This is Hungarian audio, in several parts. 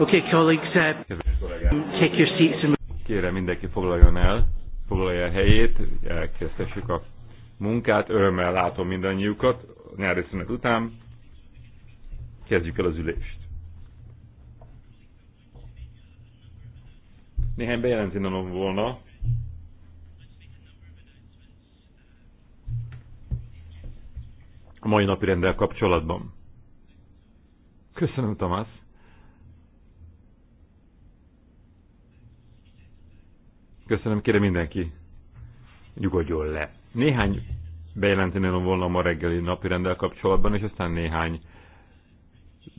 Okay, colleagues, uh, take your seats and... Kérem mindenki foglaljon el, foglalja helyét, elkezdhessük a munkát, örömmel látom mindannyiukat nyári szünet után. Kezdjük el az ülést. Néhány bejelentenem volna. A mai napi rendel kapcsolatban. Köszönöm, Tamás. Köszönöm, kérem mindenki, nyugodjon le. Néhány bejelentenem volna ma reggeli napi rendel kapcsolatban, és aztán néhány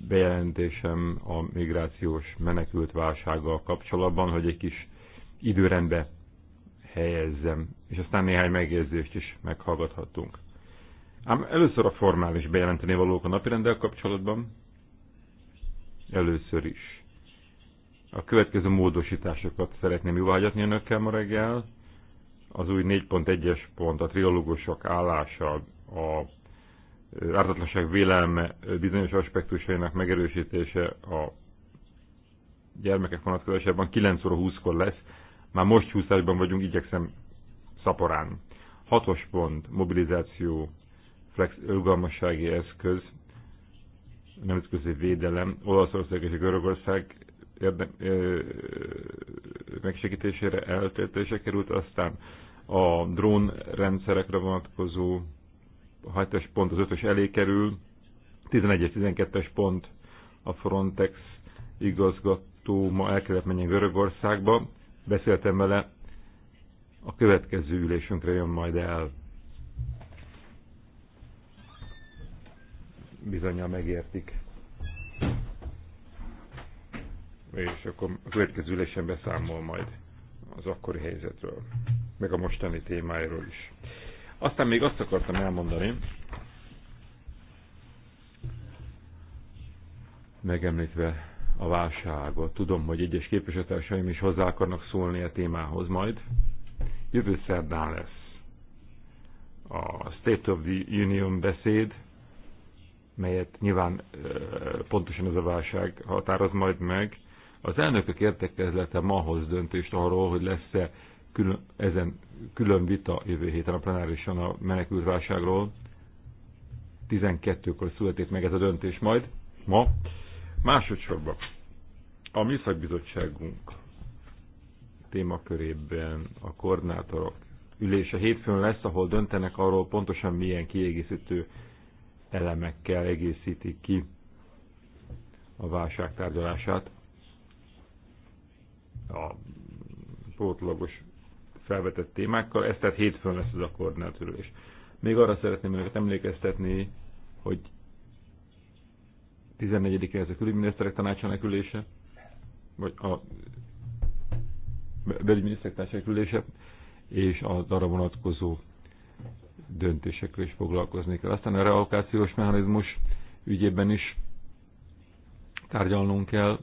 bejelentésem a migrációs menekült válsággal kapcsolatban, hogy egy kis időrendbe helyezzem, és aztán néhány megjegyzést is meghallgathatunk. Ám először a formális bejelenteni valók a napirendel kapcsolatban. Először is. A következő módosításokat szeretném jóvágyatni önökkel ma reggel. Az új 4.1-es pont, a triológusok állása, a ártatlanság vélelme bizonyos aspektusainak megerősítése a gyermekek vonatkozásában 9 óra 20-kor lesz. Már most 20 vagyunk, igyekszem szaporán. Hatos pont, mobilizáció, flex, eszköz, nemzetközi védelem, Olaszország és Görögország érde, ö, megsegítésére eltértése került, aztán a drón rendszerekre vonatkozó 7-es pont az 5-ös elé kerül, 11-es, 12-es pont a Frontex igazgató ma el kellett menjen Görögországba, beszéltem vele, a következő ülésünkre jön majd el. Bizonyal megértik és akkor a következő ülésen beszámol majd az akkori helyzetről, meg a mostani témáiról is. Aztán még azt akartam elmondani, megemlítve a válságot. Tudom, hogy egyes képviselőtársaim is hozzá akarnak szólni a témához majd. Jövő szerdán lesz a State of the Union beszéd, melyet nyilván pontosan ez a válság határoz majd meg, az elnökök értekezlete ma hoz döntést arról, hogy lesz-e külön, ezen külön vita jövő héten a plenárison a menekültválságról. 12-kor születik meg ez a döntés majd, ma. Másodszorban a mi szakbizottságunk témakörében a koordinátorok ülése hétfőn lesz, ahol döntenek arról pontosan milyen kiegészítő elemekkel egészítik ki a válság tárgyalását a pótlagos felvetett témákkal. Ez tehát hétfőn lesz ez a koordinátorülés. Még arra szeretném önöket emlékeztetni, hogy 14-e ez a külügyminiszterek tanácsának ülése, vagy a belügyminiszterek tanácsának ülése, és az arra vonatkozó döntésekről is foglalkozni kell. Aztán a realokációs mechanizmus ügyében is tárgyalnunk kell,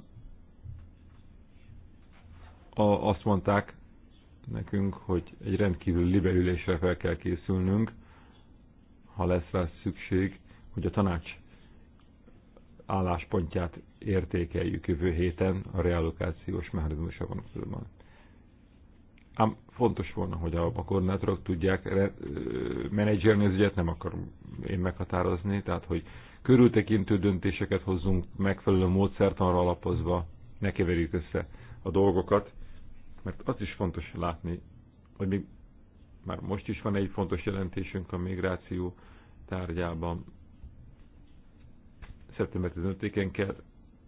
a, azt mondták nekünk, hogy egy rendkívül liberülésre fel kell készülnünk, ha lesz rá szükség, hogy a tanács álláspontját értékeljük jövő héten a reallokációs van vonatkozóan. Ám fontos volna, hogy a, a koordinátorok tudják re, menedzselni az ügyet, nem akarom én meghatározni, tehát hogy körültekintő döntéseket hozzunk megfelelő módszertanra alapozva, ne keverjük össze a dolgokat, mert az is fontos látni, hogy még már most is van egy fontos jelentésünk a migráció tárgyában. Szeptember 15-én kell,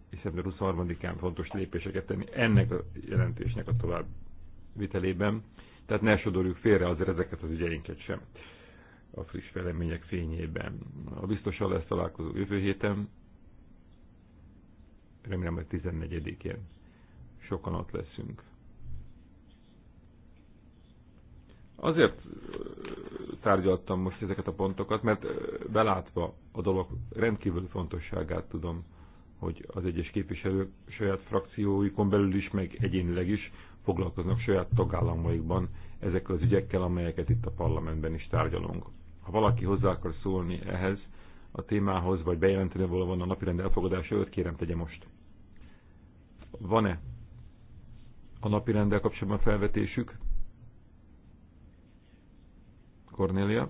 és szeptember 23-án fontos lépéseket tenni ennek a jelentésnek a tovább vitelében. Tehát ne sodorjuk félre azért ezeket az ügyeinket sem a friss felemények fényében. A biztosan lesz találkozó jövő héten, remélem, hogy 14-én sokan ott leszünk. Azért tárgyaltam most ezeket a pontokat, mert belátva a dolog rendkívül fontosságát tudom, hogy az egyes képviselők saját frakcióikon belül is, meg egyénileg is foglalkoznak saját tagállamaikban ezekkel az ügyekkel, amelyeket itt a parlamentben is tárgyalunk. Ha valaki hozzá akar szólni ehhez a témához, vagy bejelenteni volna van a napirend elfogadása, őt kérem tegye most. Van-e a napirenddel kapcsolatban felvetésük? Kornélia.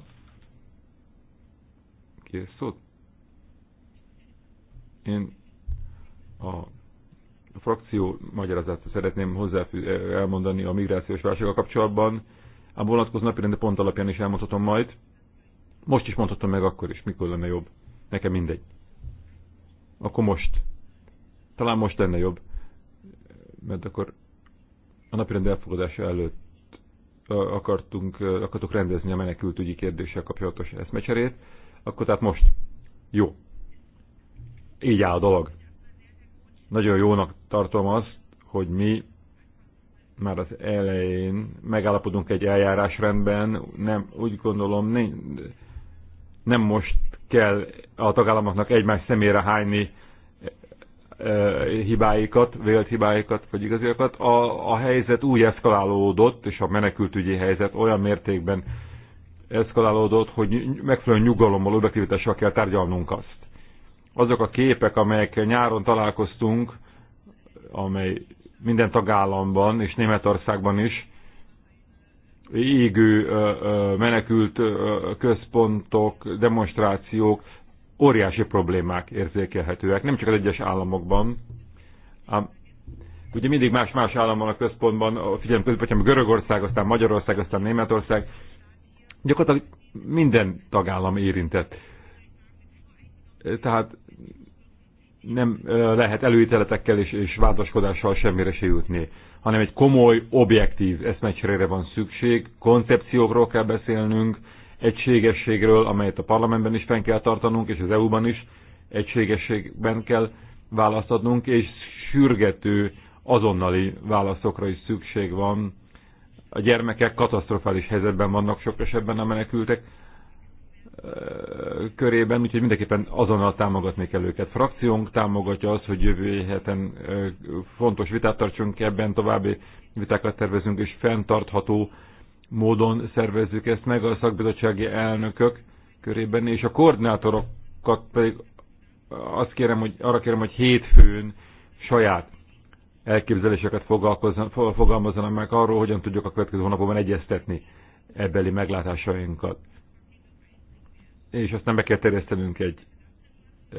ezt szólt? Én a a frakció magyarázatot szeretném hozzá elmondani a migrációs válsággal kapcsolatban. A vonatkozó rende pont alapján is elmondhatom majd. Most is mondhatom meg akkor is, mikor lenne jobb. Nekem mindegy. Akkor most. Talán most lenne jobb. Mert akkor a napirend elfogadása előtt akartunk, akartuk rendezni a menekültügyi kérdéssel kapcsolatos eszmecserét, akkor tehát most jó. Így áll a dolog. Nagyon jónak tartom azt, hogy mi már az elején megállapodunk egy eljárásrendben, nem, úgy gondolom, nem, nem most kell a tagállamoknak egymás szemére hányni hibáikat, vélt hibáikat, vagy igaziakat. A, a helyzet úgy eszkalálódott, és a menekültügyi helyzet olyan mértékben eszkalálódott, hogy megfelelően nyugalommal, objektivitással kell tárgyalnunk azt. Azok a képek, amelyekkel nyáron találkoztunk, amely minden tagállamban és Németországban is égő menekült központok, demonstrációk, óriási problémák érzékelhetőek, nem csak az egyes államokban, ugye mindig más-más állam van a központban, a figyelem hogyha Görögország, aztán Magyarország, aztán Németország, gyakorlatilag minden tagállam érintett. Tehát nem lehet előítéletekkel és, és vádaskodással semmire se jutni, hanem egy komoly, objektív eszmecserére van szükség, koncepciókról kell beszélnünk, egységességről, amelyet a parlamentben is fenn kell tartanunk, és az EU-ban is egységességben kell választatnunk, és sürgető azonnali válaszokra is szükség van. A gyermekek katasztrofális helyzetben vannak sok esetben a menekültek körében, úgyhogy mindenképpen azonnal támogatni kell őket. Frakciónk támogatja azt, hogy jövő héten fontos vitát tartsunk ebben, további vitákat tervezünk, és fenntartható módon szervezzük ezt meg a szakbizottsági elnökök körében, és a koordinátorokat pedig azt kérem, hogy, arra kérem, hogy hétfőn saját elképzeléseket fogalmazzanak meg arról, hogyan tudjuk a következő hónapokban egyeztetni ebbeli meglátásainkat. És aztán be kell terjesztenünk egy,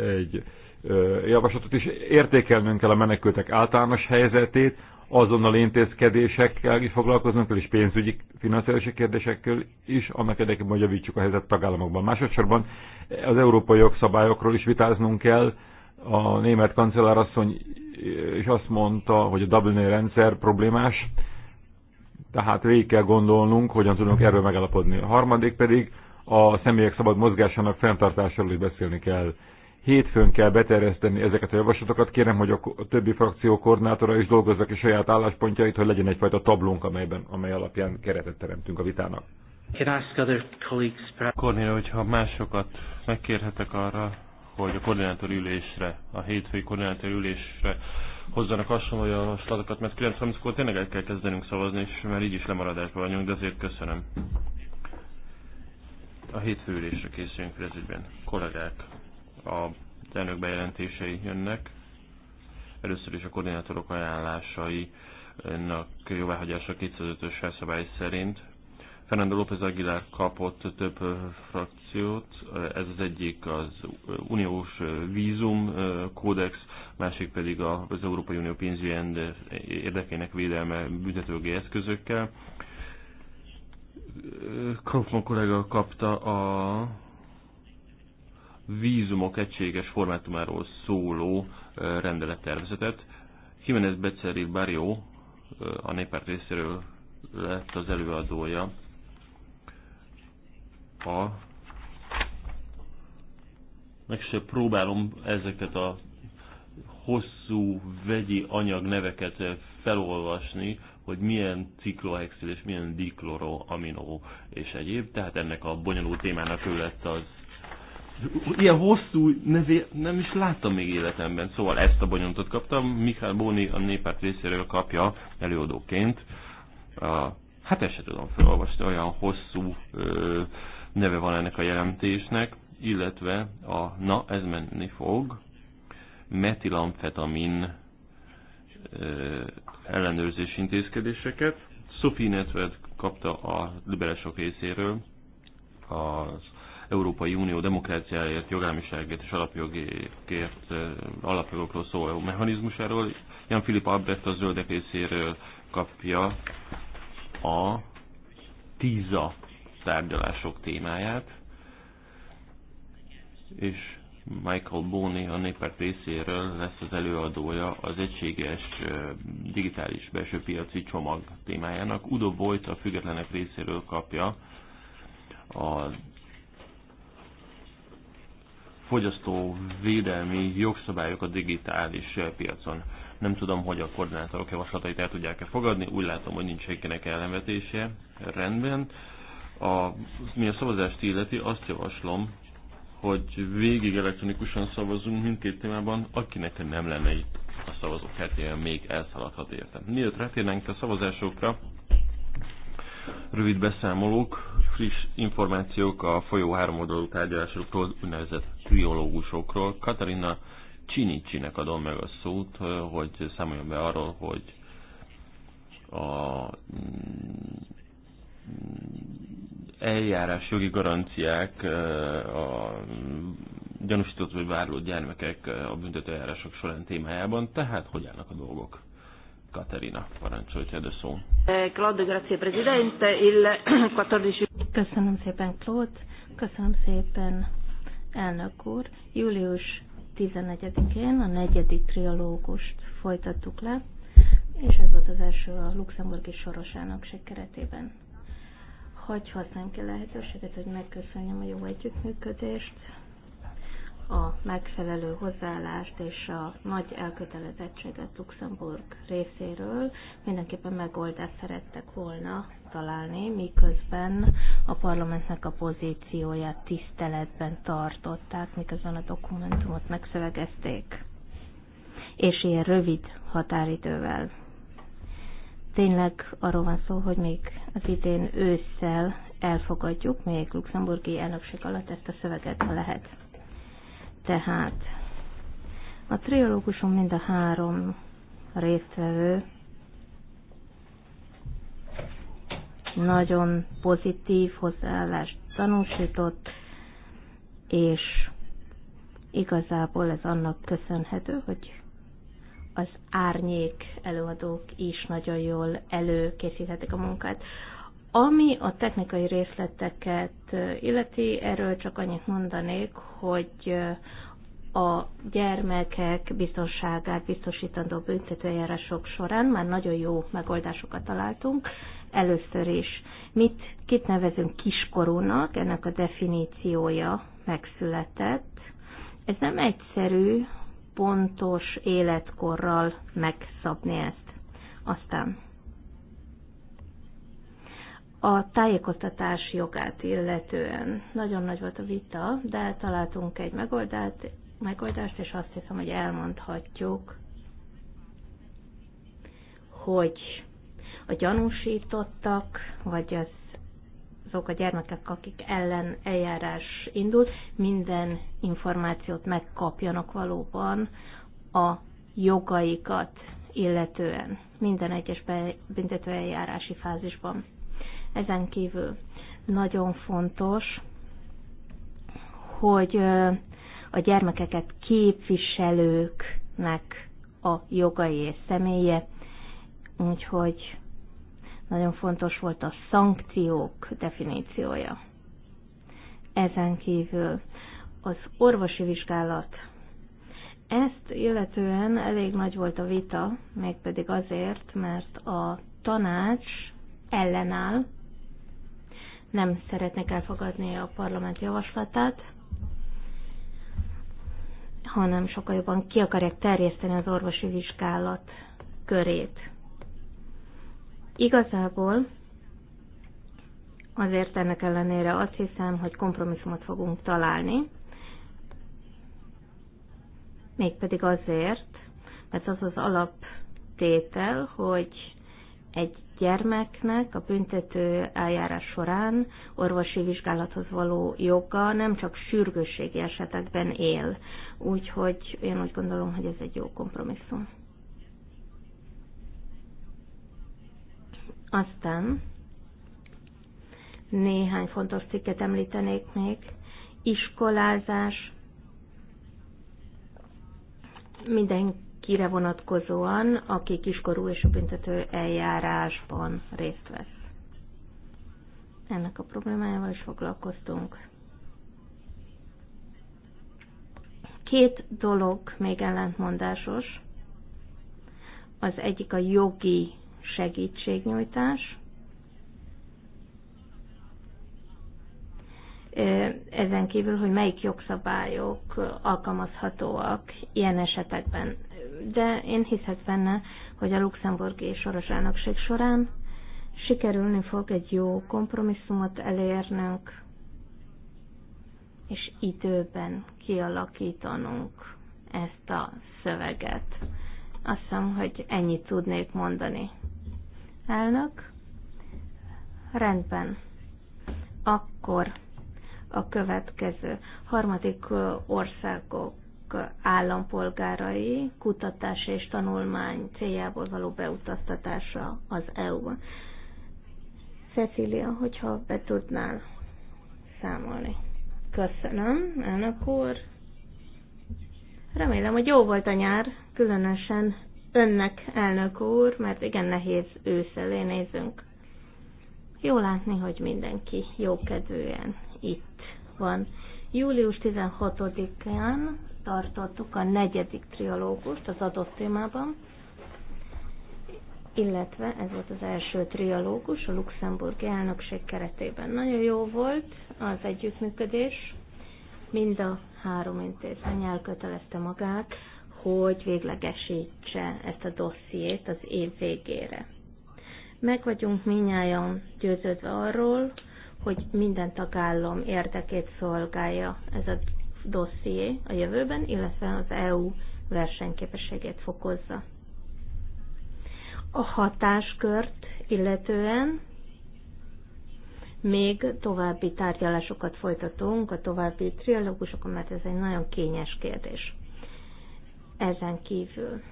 egy ö, javaslatot, és értékelnünk kell a menekültek általános helyzetét, azonnal intézkedésekkel is foglalkoznunk kell, és pénzügyi, finanszírozási kérdésekkel is, annak érdekében, hogy javítsuk a helyzet tagállamokban. Másodszorban az európai jogszabályokról is vitáznunk kell. A német kancellárasszony is azt mondta, hogy a Dublini rendszer problémás, tehát végig kell gondolnunk, hogyan tudunk erről megállapodni. A harmadik pedig a személyek szabad mozgásának fenntartásáról is beszélni kell. Hétfőn kell beterjeszteni ezeket a javaslatokat. Kérem, hogy a többi frakció koordinátora is dolgozzak ki saját álláspontjait, hogy legyen egyfajta tablónk, amelyben, amely alapján keretet teremtünk a vitának. Kornél, hogyha másokat megkérhetek arra, hogy a koordinátor ülésre, a hétfői koordinátor ülésre hozzanak hasonló javaslatokat, mert 9.30-kor tényleg el kell kezdenünk szavazni, és már így is lemaradásban vagyunk, de azért köszönöm. A hétfő ülésre készüljünk Prezidben. Kollégák, a elnök bejelentései jönnek. Először is a koordinátorok ajánlásainak jóváhagyása 205-ös felszabály szerint. Fernando López Aguilar kapott több frakciót, ez az egyik az uniós vízum kódex, másik pedig az Európai Unió pénzügyi érdekének védelme büntetőgi eszközökkel. Kaufmann kollega kapta a vízumok egységes formátumáról szóló rendelettervezetet. Jiménez Becerril Barrio a néppárt részéről lett az előadója a meg se próbálom ezeket a hosszú vegyi anyag neveket felolvasni, hogy milyen ciklohexil és milyen dikloroamino és egyéb, tehát ennek a bonyolult témának ő lett az ilyen hosszú nevé, nem is láttam még életemben, szóval ezt a bonyolultat kaptam. Mikhail Bóni a népárt részéről kapja előadóként. A, hát ezt sem tudom felolvasni, olyan hosszú ö, neve van ennek a jelentésnek, illetve a, na ez menni fog, metilamfetamin ö, ellenőrzés intézkedéseket. Sophie Network kapta a liberások részéről az Európai Unió demokráciáért, jogállamiságért és alapjogért, alapjogokról szóló mechanizmusáról. Jan Filip Albrecht a zöldek részéről kapja a TISA tárgyalások témáját, és Michael Boni a néppárt részéről lesz az előadója az egységes digitális belső piaci csomag témájának. Udo Bojt a függetlenek részéről kapja a fogyasztóvédelmi jogszabályok a digitális piacon. Nem tudom, hogy a koordinátorok javaslatait el tudják-e fogadni, úgy látom, hogy nincs senkinek ellenvetése. Rendben. A, mi a szavazást illeti, azt javaslom, hogy végig elektronikusan szavazunk mindkét témában, akinek nem lenne itt a szavazókártyája, még elszaladhat érte. Mielőtt rátérnénk a szavazásokra, rövid beszámolók, friss információk a folyó háromoldalú tárgyalásokról, úgynevezett triológusokról. Katarina Csinicsinek adom meg a szót, hogy számoljon be arról, hogy a mm, eljárás jogi garanciák a gyanúsított vagy várló gyermekek a büntetőeljárások során témájában, tehát hogy állnak a dolgok. Katerina, parancsolj, te szó. Eh, Claude, grazie Presidente. Il 14... Köszönöm szépen, Claude. Köszönöm szépen, elnök úr. Július 14 én a negyedik trialógust folytattuk le, és ez volt az első a luxemburgi soros elnökség keretében. Hogy használjunk ki lehetőséget, hogy megköszönjem a jó együttműködést, a megfelelő hozzáállást és a nagy elkötelezettséget Luxemburg részéről mindenképpen megoldást szerettek volna találni, miközben a parlamentnek a pozícióját tiszteletben tartották, miközben a dokumentumot megszövegezték, és ilyen rövid határidővel. Tényleg arról van szó, hogy még az idén ősszel elfogadjuk, még luxemburgi elnökség alatt ezt a szöveget, ha lehet. Tehát a triológuson mind a három résztvevő nagyon pozitív hozzáállást tanúsított, és igazából ez annak köszönhető, hogy az árnyék előadók is nagyon jól előkészíthetik a munkát. Ami a technikai részleteket illeti, erről csak annyit mondanék, hogy a gyermekek biztonságát biztosítandó büntetőjárások során már nagyon jó megoldásokat találtunk. Először is, mit kit nevezünk kiskorúnak, ennek a definíciója megszületett. Ez nem egyszerű, pontos életkorral megszabni ezt. Aztán a tájékoztatás jogát illetően nagyon nagy volt a vita, de találtunk egy megoldást, megoldást és azt hiszem, hogy elmondhatjuk, hogy a gyanúsítottak, vagy az, azok a gyermekek, akik ellen eljárás indult, minden információt megkapjanak valóban a jogaikat illetően minden egyes büntetőeljárási fázisban. Ezen kívül nagyon fontos, hogy a gyermekeket képviselőknek a jogai és személye, úgyhogy nagyon fontos volt a szankciók definíciója. Ezen kívül az orvosi vizsgálat. Ezt illetően elég nagy volt a vita, mégpedig azért, mert a tanács ellenáll nem szeretnék elfogadni a parlament javaslatát, hanem sokkal jobban ki akarják terjeszteni az orvosi vizsgálat körét. Igazából azért ennek ellenére azt hiszem, hogy kompromisszumot fogunk találni, mégpedig azért, mert az az alaptétel, hogy egy gyermeknek a büntető eljárás során orvosi vizsgálathoz való joga nem csak sürgősségi esetekben él. Úgyhogy én úgy gondolom, hogy ez egy jó kompromisszum. Aztán néhány fontos cikket említenék még. Iskolázás, minden kire vonatkozóan, aki kiskorú és a büntető eljárásban részt vesz. Ennek a problémájával is foglalkoztunk. Két dolog még ellentmondásos. Az egyik a jogi segítségnyújtás. Ezen kívül, hogy melyik jogszabályok alkalmazhatóak ilyen esetekben de én hiszek benne, hogy a luxemburgi soros elnökség során sikerülni fog egy jó kompromisszumot elérnünk, és időben kialakítanunk ezt a szöveget. Azt hiszem, hogy ennyit tudnék mondani. Elnök, rendben. Akkor a következő harmadik országok állampolgárai kutatás és tanulmány céljából való beutaztatása az EU-ba. Cecília, hogyha be tudnál számolni. Köszönöm, elnök úr. Remélem, hogy jó volt a nyár, különösen önnek, elnök úr, mert igen nehéz őszelé nézünk. Jó látni, hogy mindenki jókedvűen itt van. Július 16-án tartottuk a negyedik trialógust az adott témában, illetve ez volt az első trialógus a luxemburgi elnökség keretében. Nagyon jó volt az együttműködés, mind a három intézmény elkötelezte magát, hogy véglegesítse ezt a dossziét az év végére. Meg vagyunk minnyáján győződve arról, hogy minden tagállam érdekét szolgálja ez a dosszié a jövőben, illetve az EU versenyképességét fokozza. A hatáskört illetően még további tárgyalásokat folytatunk, a további trialógusokon, mert ez egy nagyon kényes kérdés. Ezen kívül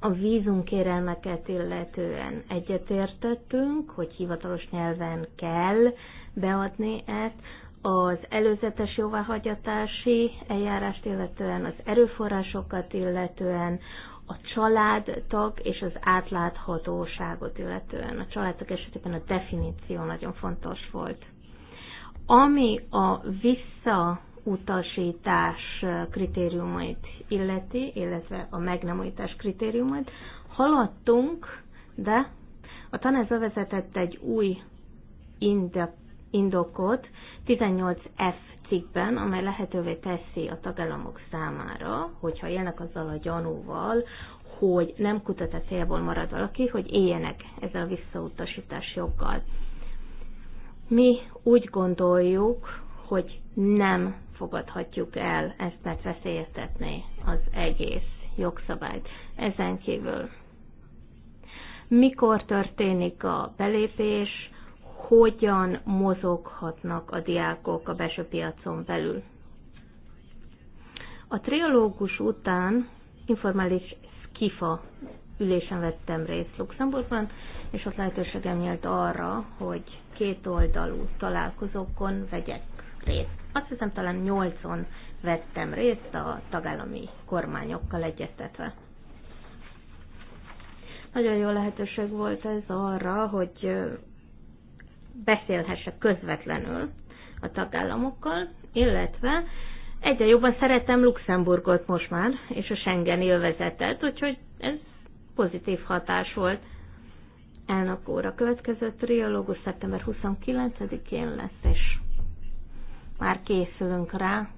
a vízunkérelmeket illetően egyetértettünk, hogy hivatalos nyelven kell beadni ezt, az előzetes jóváhagyatási eljárást illetően, az erőforrásokat illetően, a családtag és az átláthatóságot illetően. A családtag esetében a definíció nagyon fontos volt. Ami a visszautasítás kritériumait illeti, illetve a meg nem kritériumait, haladtunk, de a tanács bevezetett egy új indokot 18F cikkben, amely lehetővé teszi a tagállamok számára, hogyha élnek azzal a gyanúval, hogy nem a célból marad valaki, hogy éljenek ezzel a visszautasítás joggal. Mi úgy gondoljuk, hogy nem fogadhatjuk el ezt, mert veszélyeztetné az egész jogszabályt. Ezen kívül mikor történik a belépés, hogyan mozoghatnak a diákok a belső piacon belül. A triológus után informális skifa ülésen vettem részt Luxemburgban, és ott lehetőségem nyílt arra, hogy két oldalú találkozókon vegyek részt. Azt hiszem talán nyolcon vettem részt a tagállami kormányokkal egyeztetve. Nagyon jó lehetőség volt ez arra, hogy beszélhessek közvetlenül a tagállamokkal, illetve egyre jobban szeretem Luxemburgot most már, és a Schengen élvezetet, úgyhogy ez pozitív hatás volt. Elnök úr, a következő triológus szeptember 29-én lesz, és már készülünk rá,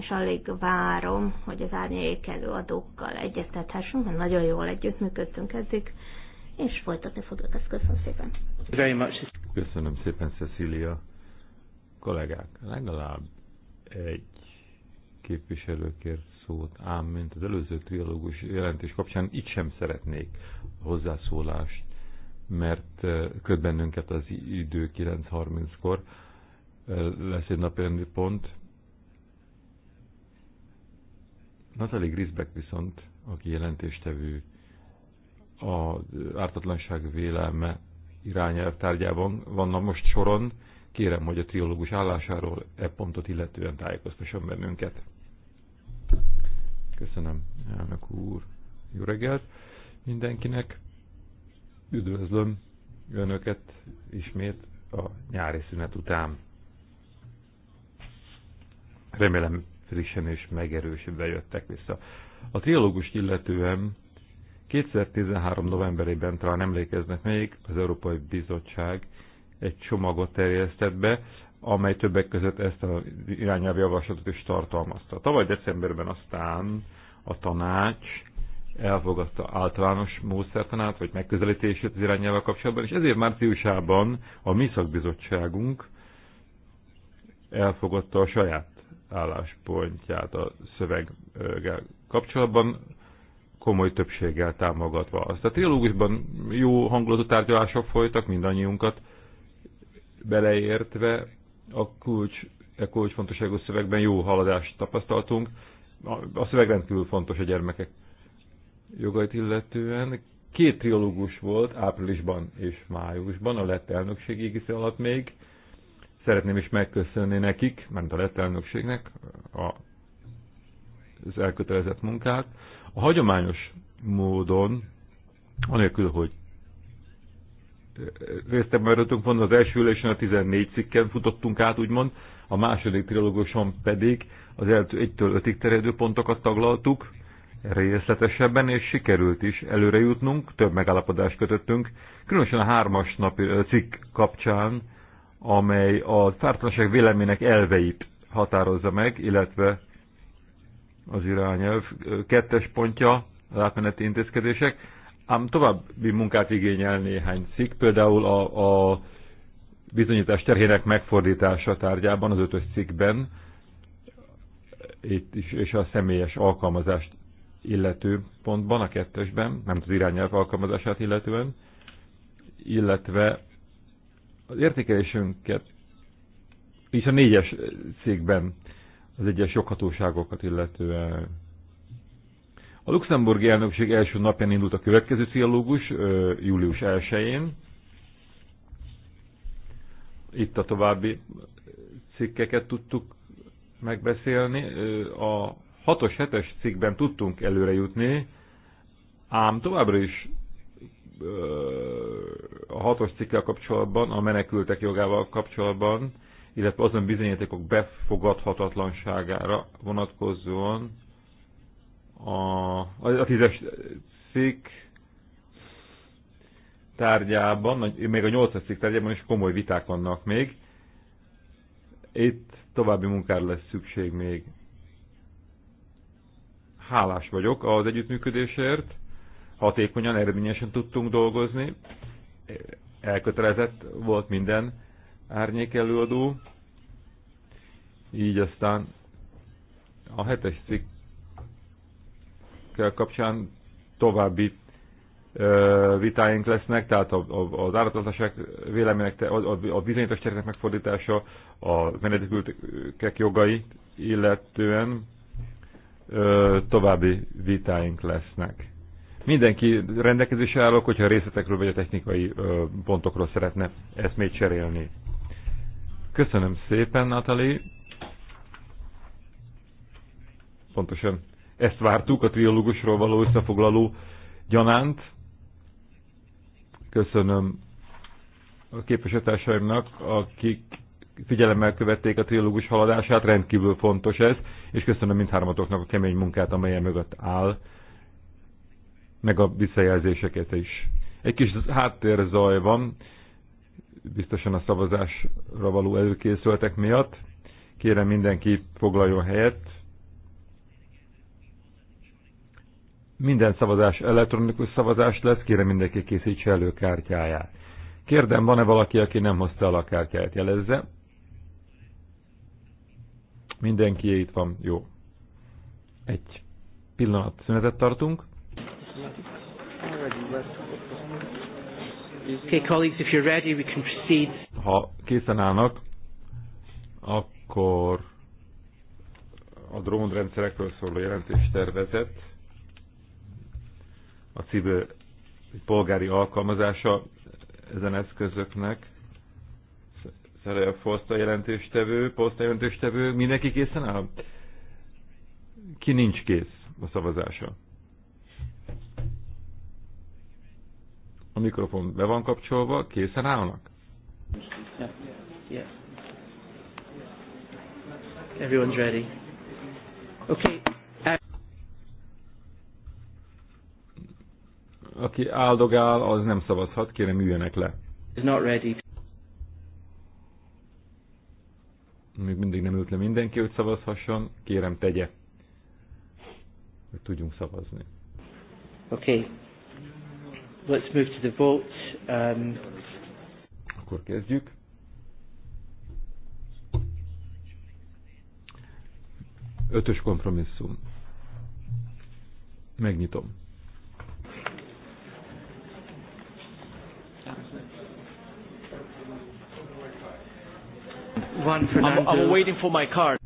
és alig várom, hogy az árnyékelő adókkal egyeztethessünk, mert nagyon jól együttműködtünk eddig és folytatni fogjuk ezt. Köszönöm szépen. Very much. Köszönöm szépen, Cecilia. Kollégák, legalább egy képviselőkért szót, ám mint az előző trialógus jelentés kapcsán itt sem szeretnék hozzászólást, mert eh, köt bennünket az idő 9.30-kor, eh, lesz egy napjelenti pont. Natalie Grisbeck viszont, aki jelentéstevő az ártatlanság vélelme irányelv tárgyában vannak most soron. Kérem, hogy a triológus állásáról e pontot illetően tájékoztasson bennünket. Köszönöm, elnök úr. Jó reggelt mindenkinek. Üdvözlöm önöket ismét a nyári szünet után. Remélem frissen és megerősödve jöttek vissza. A triológust illetően 2013. novemberében talán emlékeznek még, az Európai Bizottság egy csomagot terjesztett be, amely többek között ezt az irányelvi javaslatot is tartalmazta. Tavaly decemberben aztán a tanács elfogadta általános módszertanát, vagy megközelítését az irányelvvel kapcsolatban, és ezért márciusában a mi szakbizottságunk elfogadta a saját álláspontját a szöveggel kapcsolatban, komoly többséggel támogatva azt. A trilógusban jó hangulatú tárgyalások folytak, mindannyiunkat beleértve, a kulcs, a e fontosságú szövegben jó haladást tapasztaltunk. A szöveg rendkívül fontos a gyermekek jogait illetően. Két trilógus volt áprilisban és májusban, a lett elnökség égisze alatt még. Szeretném is megköszönni nekik, ment a lett elnökségnek a, az elkötelezett munkát. A hagyományos módon, anélkül, hogy eh, részt maradtunk volna, az első ülésen a 14 cikken futottunk át, úgymond, a második trilóguson pedig az 1-től 5-ig terjedő pontokat taglaltuk, részletesebben, és sikerült is előre jutnunk, több megállapodást kötöttünk, különösen a hármas napi eh, cikk kapcsán, amely a tártalanság vélemények elveit határozza meg, illetve az irányelv kettes pontja, az átmeneti intézkedések, ám további munkát igényel néhány cikk, például a, a bizonyítás terhének megfordítása tárgyában, az ötös cikkben, itt is, és a személyes alkalmazást illető pontban, a kettesben, nem az irányelv alkalmazását illetően, illetve az értékelésünket is a négyes cikkben az egyes joghatóságokat illetően. A luxemburgi elnökség első napján indult a következő dialógus, július 1-én. Itt a további cikkeket tudtuk megbeszélni. A 6-os, 7-es cikkben tudtunk előre jutni, ám továbbra is a 6-os cikkel kapcsolatban, a menekültek jogával kapcsolatban illetve azon bizonyítékok befogadhatatlanságára vonatkozóan a, a tízes cikk tárgyában, még a nyolcas cikk tárgyában is komoly viták vannak még. Itt további munkára lesz szükség még. Hálás vagyok az együttműködésért, hatékonyan, eredményesen tudtunk dolgozni, elkötelezett volt minden árnyék előadó, így aztán a hetes cikkkel kapcsán további ö, vitáink lesznek, tehát a, a, az állatlazdaság vélemények, a, a, a bizonyítás cserének megfordítása, a menedékültek jogai illetően ö, további vitáink lesznek. Mindenki rendelkezésre állok, hogyha részletekről vagy a technikai ö, pontokról szeretne eszmét cserélni. Köszönöm szépen, Natali. Pontosan ezt vártuk, a triológusról való összefoglaló gyanánt. Köszönöm a képviselőtársaimnak, akik figyelemmel követték a triológus haladását, rendkívül fontos ez, és köszönöm mindhármatoknak a kemény munkát, amelyen mögött áll, meg a visszajelzéseket is. Egy kis háttérzaj van, biztosan a szavazásra való előkészületek miatt. Kérem mindenki foglaljon helyet. Minden szavazás elektronikus szavazás lesz, kérem mindenki készítse elő kártyáját. Kérdem, van-e valaki, aki nem hozta el a kártyáját, jelezze. Mindenki itt van, jó. Egy pillanat szünetet tartunk. Already, Okay, colleagues, if you're ready, we can proceed. Ha készen állnak, akkor a drónrendszerekről szóló jelentés tervezet, a civil polgári alkalmazása ezen eszközöknek, Szerelje Foszta jelentéstevő, Poszta jelentéstevő, mindenki készen áll? Ki nincs kész a szavazása? A mikrofon be van kapcsolva, készen állnak? Everyone's ready. Okay. Uh, Aki áldogál, az nem szavazhat, kérem üljenek le. Is not ready. Még mindig nem ült le mindenki, hogy szavazhasson, kérem tegye, hogy tudjunk szavazni. Okay. Let's move to the vote. Um, Akkor kezdjük. Ötös kompromisszum. Megnyitom. I'm, I'm waiting for my card.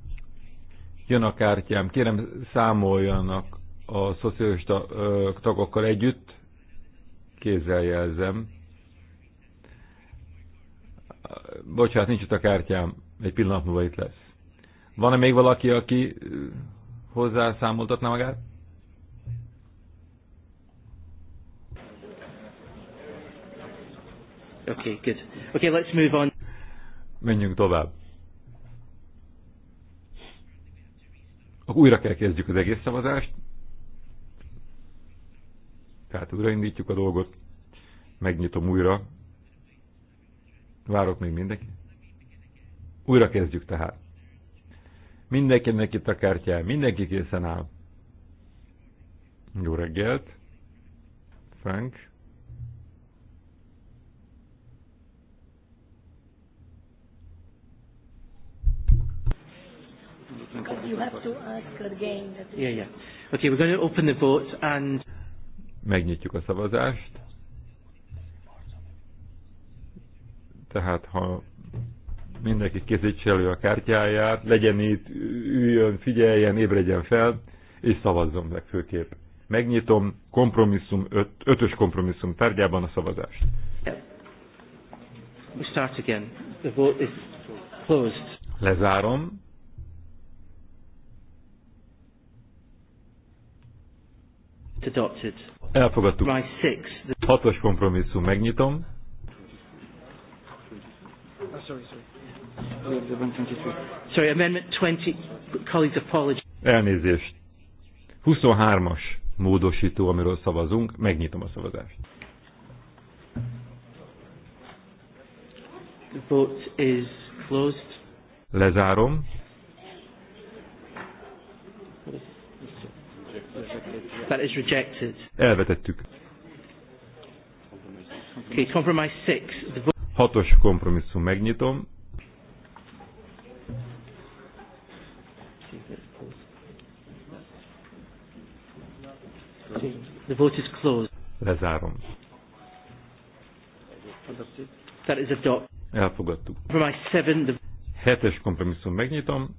Jön a kártyám. Kérem, számoljanak a szociális tagokkal együtt kézzel jelzem. Bocsánat, nincs itt a kártyám, egy pillanat múlva itt lesz. Van-e még valaki, aki hozzá számoltatna magát? Okay, good. Okay, let's move on. Menjünk tovább. Akkor újra kell kezdjük az egész szavazást. Tehát újraindítjuk a dolgot, megnyitom újra. Várok még mindenki. Újra kezdjük tehát. Mindenkinek itt a kártyája, mindenki készen áll. Jó reggelt. Frank. you have to ask again. Yeah, yeah. Okay, we're going to open the vote and... Megnyitjuk a szavazást. Tehát, ha mindenki készítse elő a kártyáját, legyen itt, üljön, figyeljen, ébredjen fel, és szavazzon meg főképp. Megnyitom kompromisszum, öt, ötös kompromisszum tárgyában a szavazást. We start again. The vote is closed. Lezárom. Adopted. Elfogadtuk. Hatos kompromisszum, megnyitom. Oh, sorry, amendment 20, colleagues Elnézést. 23-as módosító, amiről szavazunk, megnyitom a szavazást. The vote is closed. Lezárom. That is rejected. Elvetettük. Okay, compromise six. The Hatos kompromisszum megnyitom. The vote is closed. Lezárom. That is Elfogadtuk. Compromise seven. The... Hetes kompromisszum megnyitom.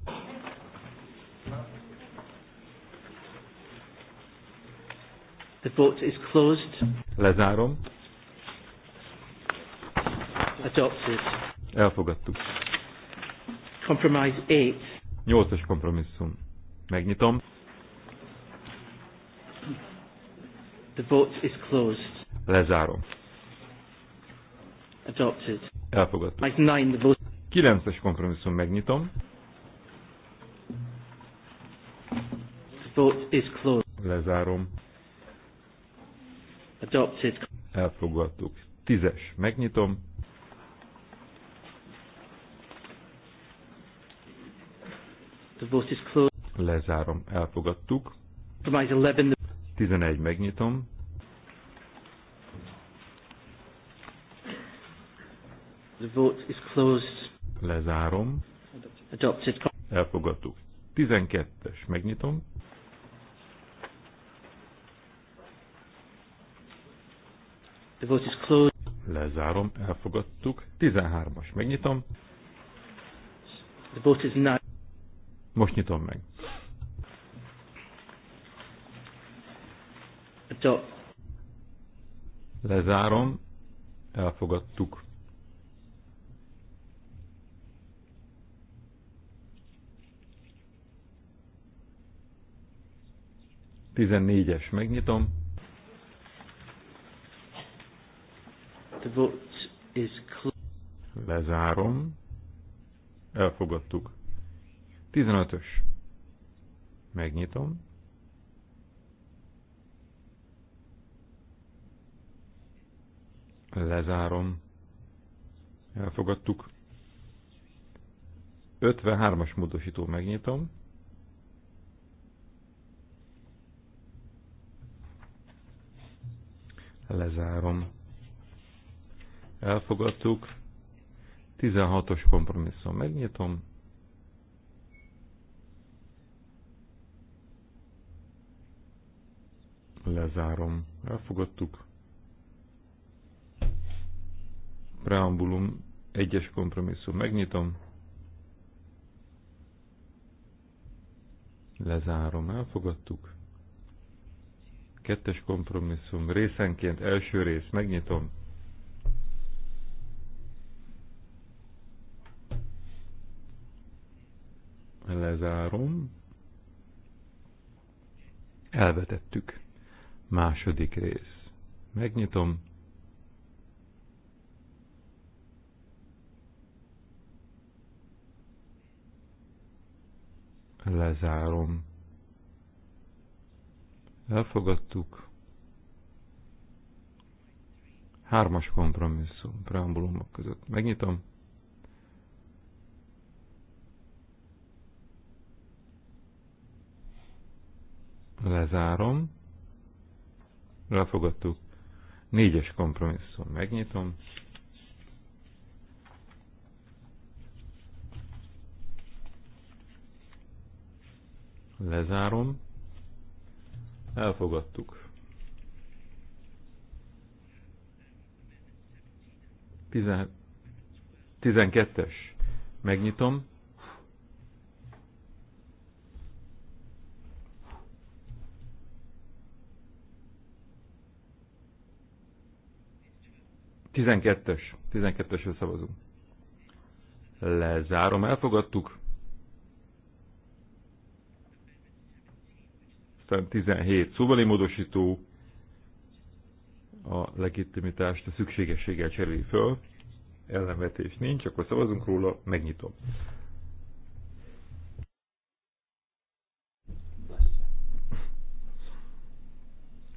The vote is closed. Lezárom. Adopted. Elfogadtuk. Compromise 8. Nyolcas kompromisszum. Megnyitom. The vote is closed. Lezárom. Adopted. Elfogadtuk. Like nine, the vote. Kilences kompromisszum megnyitom. The vote is closed. Lezárom. Adopted. Elfogadtuk. Tízes. Megnyitom. The vote is closed. Lezárom. Elfogadtuk. Tonight 11. Megnyitom. The vote is closed. Lezárom. Adopted. Elfogadtuk. 12-es. Megnyitom. The vote is closed. Lezárom, elfogadtuk. 13-as, megnyitom. The vote is not. Most nyitom meg. Adopt. Lezárom, elfogadtuk. Tizennégyes, megnyitom. is Lezárom. Elfogadtuk. 15-ös. Megnyitom. Lezárom. Elfogadtuk. 53-as módosító megnyitom. Lezárom elfogadtuk. 16-os kompromisszum megnyitom. Lezárom. Elfogadtuk. Preambulum egyes kompromisszum megnyitom. Lezárom. Elfogadtuk. Kettes kompromisszum részenként első rész megnyitom. Lezárom. Elvetettük. Második rész. Megnyitom. Lezárom. Elfogadtuk. Hármas kompromisszum preambulumok között. Megnyitom. Lezárom. Lefogadtuk. Négyes kompromisszum. Megnyitom. Lezárom. Elfogadtuk. 12-es. Megnyitom. 12-es. 12-esről szavazunk. Lezárom, elfogadtuk. Aztán 17 szóbeli módosító a legitimitást a szükségességgel cseréli föl. Ellenvetés nincs, akkor szavazunk róla, megnyitom.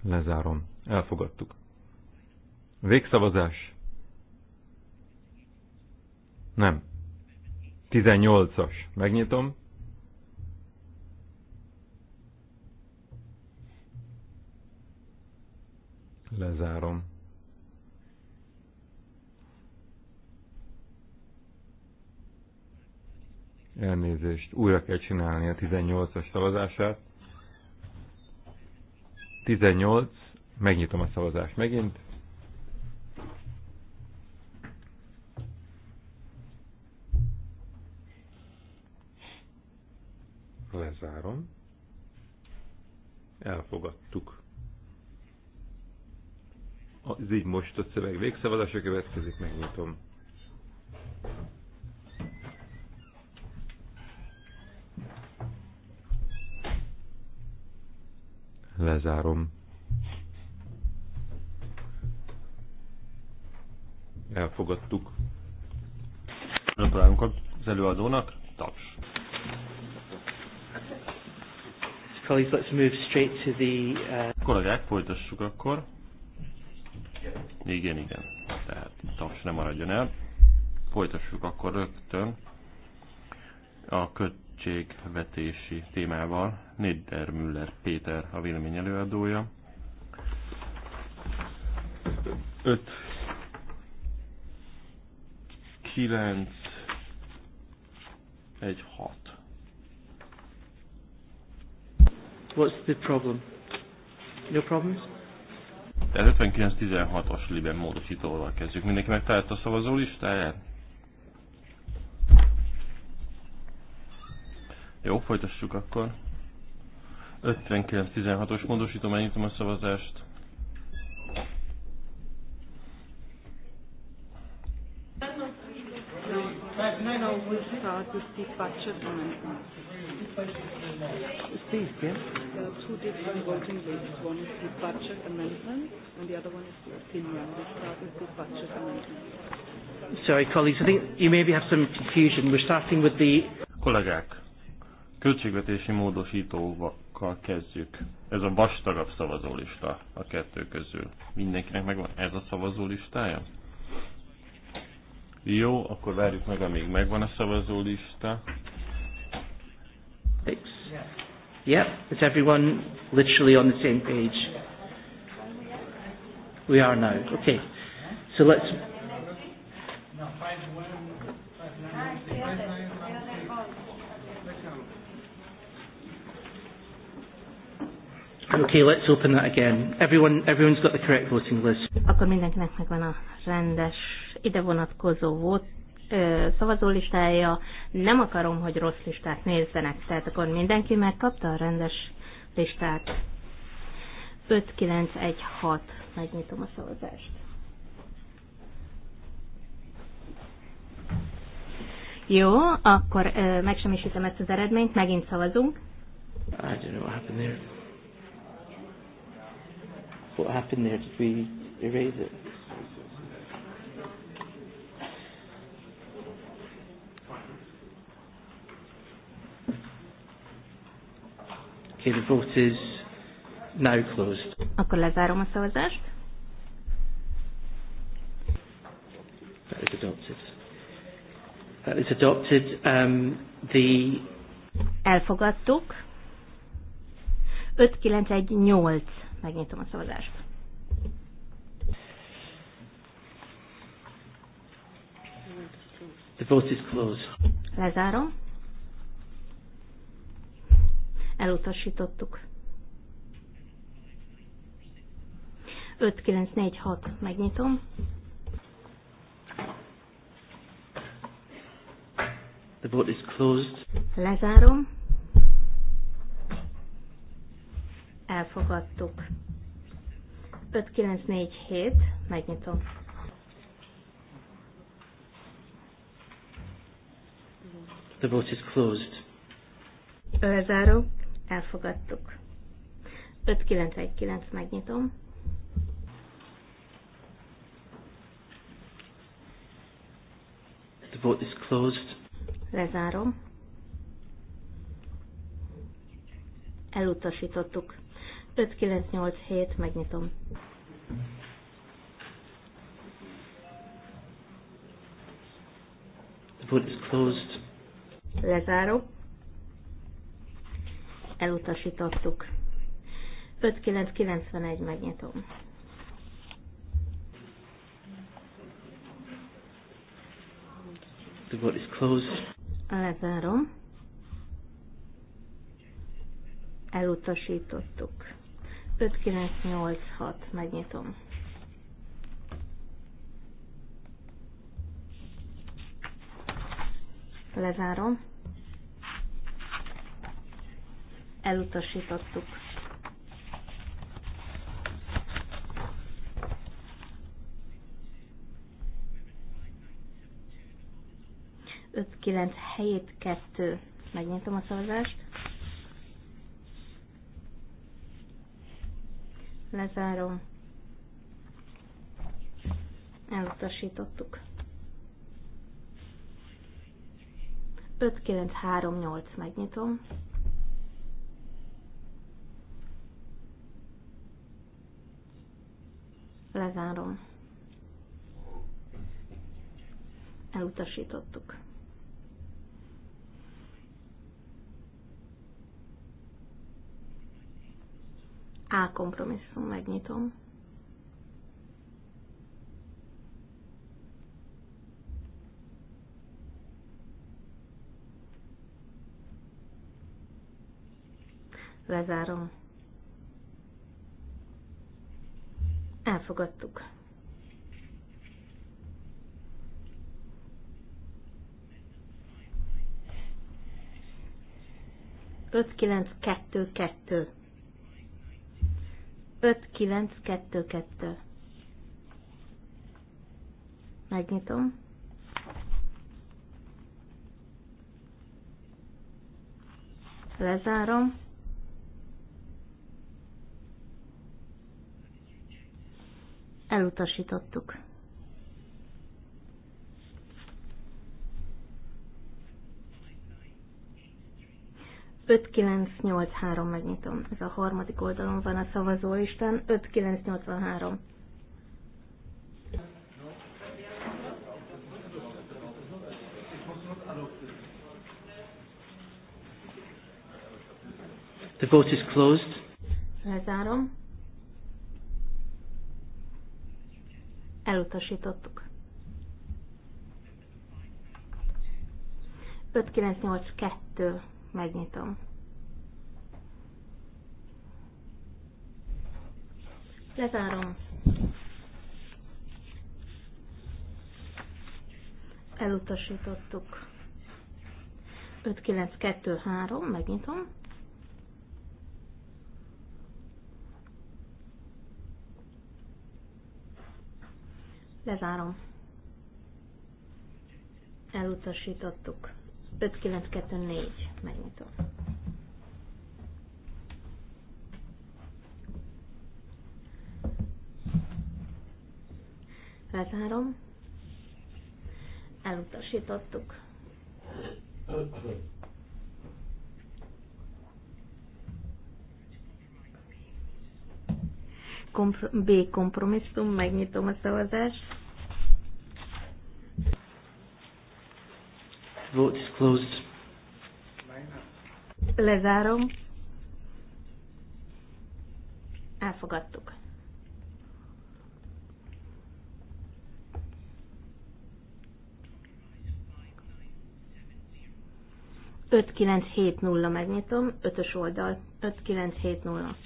Lezárom. Elfogadtuk. Végszavazás. Nem. 18-as. Megnyitom. Lezárom. Elnézést. Újra kell csinálni a 18-as szavazását. 18. Megnyitom a szavazást megint. szöveg végszavazása következik, megnyitom. Lezárom. Elfogadtuk. Gratulálunk az előadónak. Taps. Colleagues, let's move straight to the... Uh... Kollégák, folytassuk akkor. Igen, igen. Tehát taps nem maradjon el. Folytassuk akkor rögtön a költségvetési témával. Néder Müller Péter a vélemény előadója. Öt 9 egy 6. What's the problem? No problems? 59-16-os liben módosítóval kezdjük. Mindenki megtalálta a szavazó listáját? Jó, folytassuk akkor. 59-16-os módosító, megnyitom a szavazást. No, two different working groups. One is the budget amendment, and the other one is the opinion. We start with the budget amendment. Sorry, colleagues, I think you maybe have some confusion. We're starting with the... Kollégák, költségvetési módosítóval kezdjük. Ez a vastagabb szavazólista a kettő közül. Mindenkinek megvan ez a szavazólistája? Jó, akkor várjuk meg, amíg megvan a szavazólista. Thanks. Yep, is everyone literally on the same page? We are now. Okay. So let's. Okay, let's open that again. Everyone, everyone's got the correct voting list. Akkor mindenkinek megvan a rendes ide vonatkozó volt szavazólistája, nem akarom, hogy rossz listát nézzenek, tehát akkor mindenki megkapta a rendes listát. 5916, megnyitom a szavazást. Jó, akkor ö, megsemmisítem ezt az eredményt, megint szavazunk. I don't know what happened there. What happened there? Did we erase it? Okay, the vote is now closed. Akkor lezárom a szavazást. That is adopted. That is adopted. Um, the Elfogadtuk. 5918. Megnyitom a szavazást. The vote is closed. Lezárom elutasítottuk. 5946, megnyitom. The vote is closed. Lezárom. Elfogadtuk. 5947, megnyitom. The vote is closed. Lezárom elfogadtuk. 5919 megnyitom. The vote is closed. Lezárom. Elutasítottuk. 5987 megnyitom. The vote is closed. Lezárom elutasítottuk. 5991 megnyitom. The board is closed. Lezárom. Elutasítottuk. 5986 megnyitom. Lezárom elutasítottuk. Öt kilenc helyét kettő. Megnyitom a szavazást. Lezárom. Elutasítottuk. 5938 megnyitom. Lezárom. Elutasítottuk. A kompromisszum megnyitom. Lezárom. Elfogadtuk. Öt kilenc kettő kettő. Öt kilenc kettő kettő. Megnyitom. Lezárom. elutasítottuk. Öt kilenc nyolc három megnyitom. Ez a harmadik oldalon van a szavazólistán. Öt kilenc nyolcvan három. The vote is closed. Lezárom. elutasítottuk. 5982 megnyitom. Lezárom. Elutasítottuk. 5923, megnyitom. Lezárom. Elutasítottuk. 5924. Megnyitom. Lezárom. Elutasítottuk. B kompromisszum, megnyitom a szavazást. Vote is closed. Lezárom. Elfogadtuk. Öt kilenc hét nulla megnyitom, ötös oldal, öt kilenc hét nulla.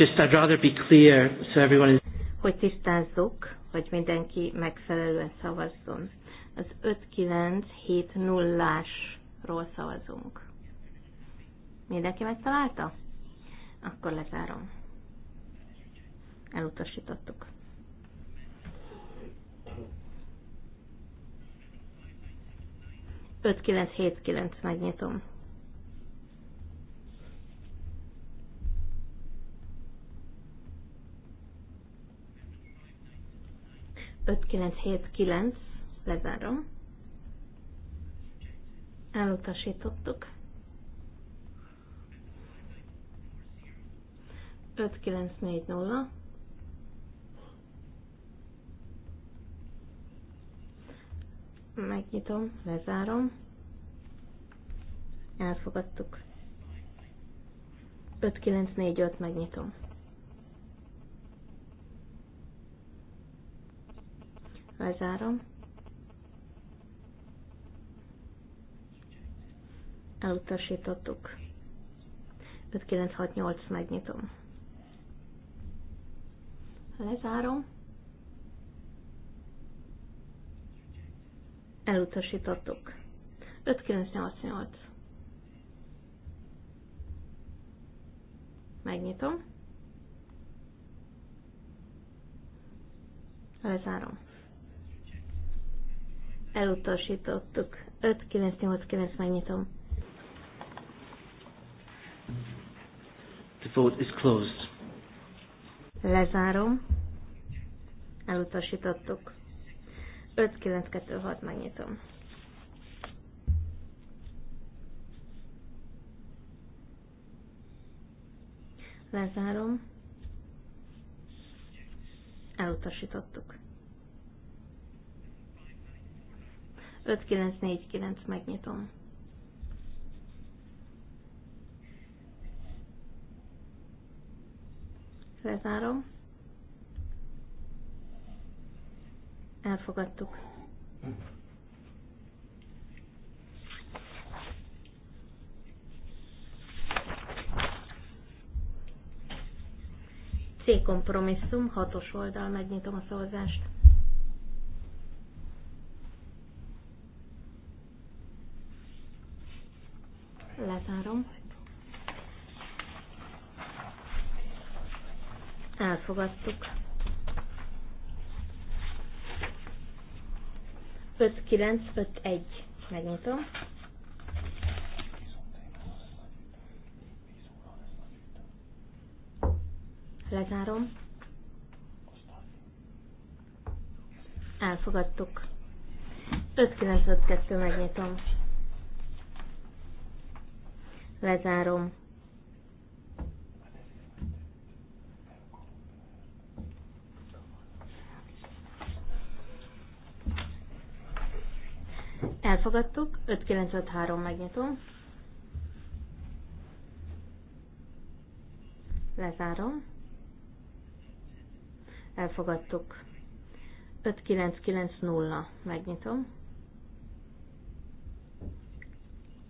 just I'd rather be clear so everyone is hogy tisztázzuk, hogy mindenki megfelelően szavazzon. Az 5970-ásról szavazunk. Mindenki megtalálta? Akkor lezárom. Elutasítottuk. Öt kilenc hét kilenc megnyitom. 5979, lezárom. Elutasítottuk. 5940. Megnyitom, lezárom. Elfogadtuk. 5945 megnyitom. Lezárom. Elutasítottuk. 5968 megnyitom. Lezárom. Elutasítottuk. 5988. Megnyitom. Lezárom elutasítottuk. 5-9-8-9 megnyitom. The vote is closed. Lezárom. Elutasítottuk. 5-9-2-6 megnyitom. Lezárom. Elutasítottuk. 5949 megnyitom. Lezárom. Elfogadtuk. C kompromisszum, hatos oldal, megnyitom a szavazást. Lezárom. Elfogadtuk. 5951. Megnyitom. Lezárom. Elfogadtuk. 5952 megnyitom. Lezárom. Elfogadtuk, 5953 megnyitom. Lezárom. Elfogadtuk. 5990 megnyitom.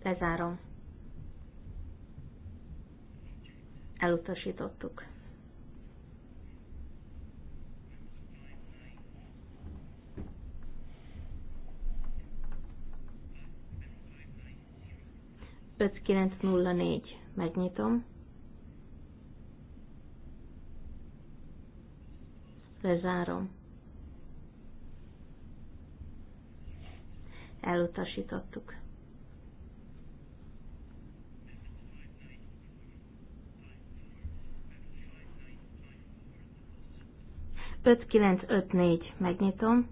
Lezárom. elutasítottuk. Öt kilenc nulla négy. Megnyitom. Lezárom. Elutasítottuk. 5954. Megnyitom.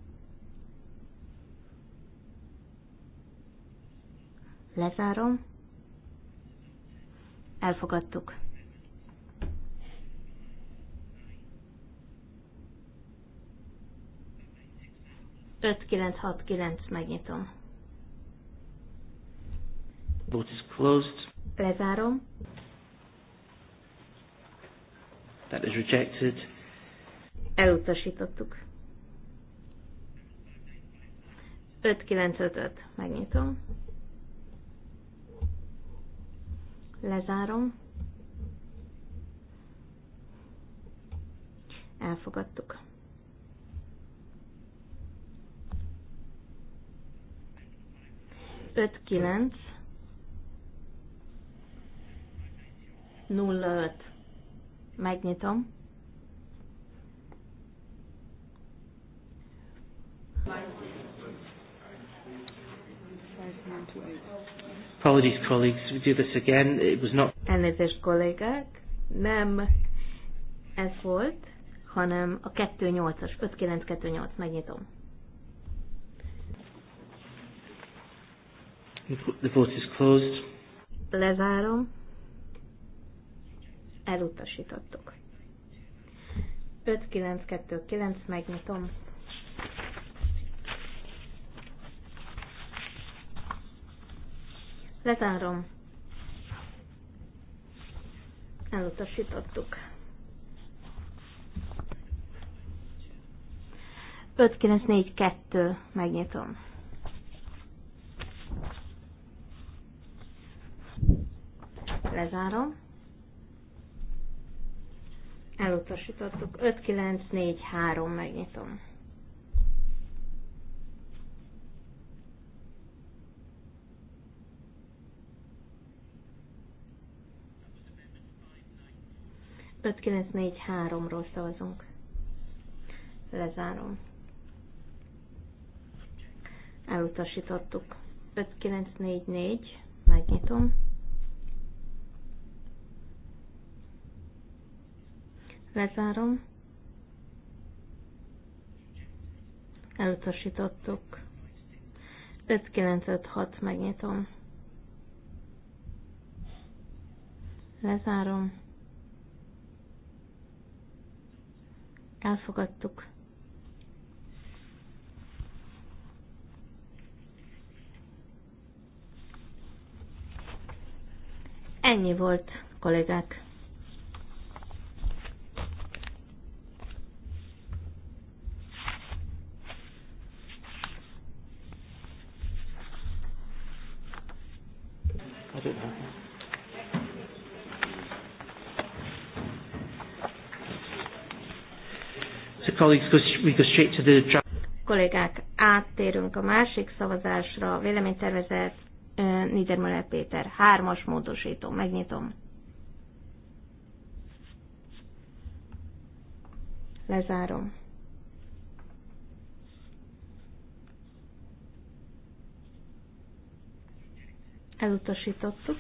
Lezárom. Elfogadtuk. Öt kilenc hat kilenc megnyitom. Vote is closed. Lezárom. That is rejected. Elutasítottuk. 5955. Megnyitom. Lezárom. Elfogadtuk. Öt kilenc. Nulla öt. Megnyitom. Apologies, colleagues. We do this again. It was not... Elnézést, kollégák. Nem ez volt, hanem a 28-as, 5928, megnyitom. The vote is closed. Lezárom. Elutasítottuk. 5929, megnyitom. Lezárom. Elutasítottuk. 5942 megnyitom. Lezárom. Elutasítottuk. 5943 megnyitom. 5943-ról szavazunk. Lezárom. Elutasítottuk. 5944, megnyitom. Lezárom. Elutasítottuk. 5956, megnyitom. Lezárom Elfogadtuk. Ennyi volt, kollégák. I kollégák, áttérünk a másik szavazásra, véleménytervezet Niedermüller Péter, hármas módosító, megnyitom. Lezárom. Elutasítottuk.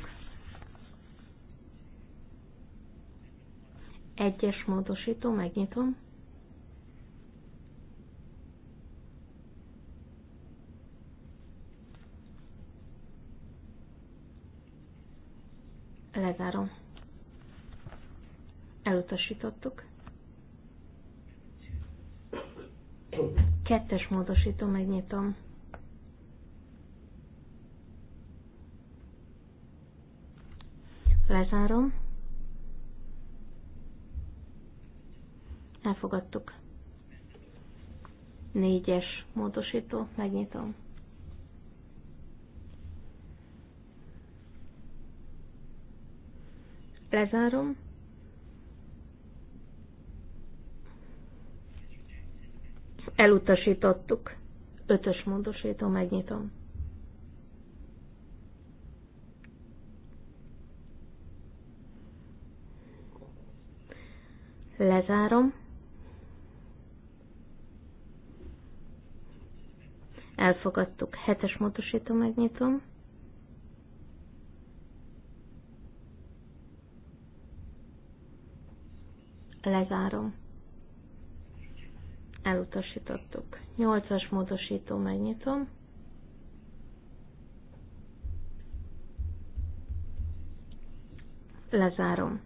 Egyes módosító, megnyitom. Lezárom. Elutasítottuk. Kettes módosító, megnyitom. Lezárom. Elfogadtuk. Négyes módosító, megnyitom. Lezárom. Elutasítottuk. Ötös módosító, megnyitom. Lezárom. Elfogadtuk. Hetes módosító, megnyitom. Lezárom. Elutasítottuk. Nyolcas módosító megnyitom. Lezárom.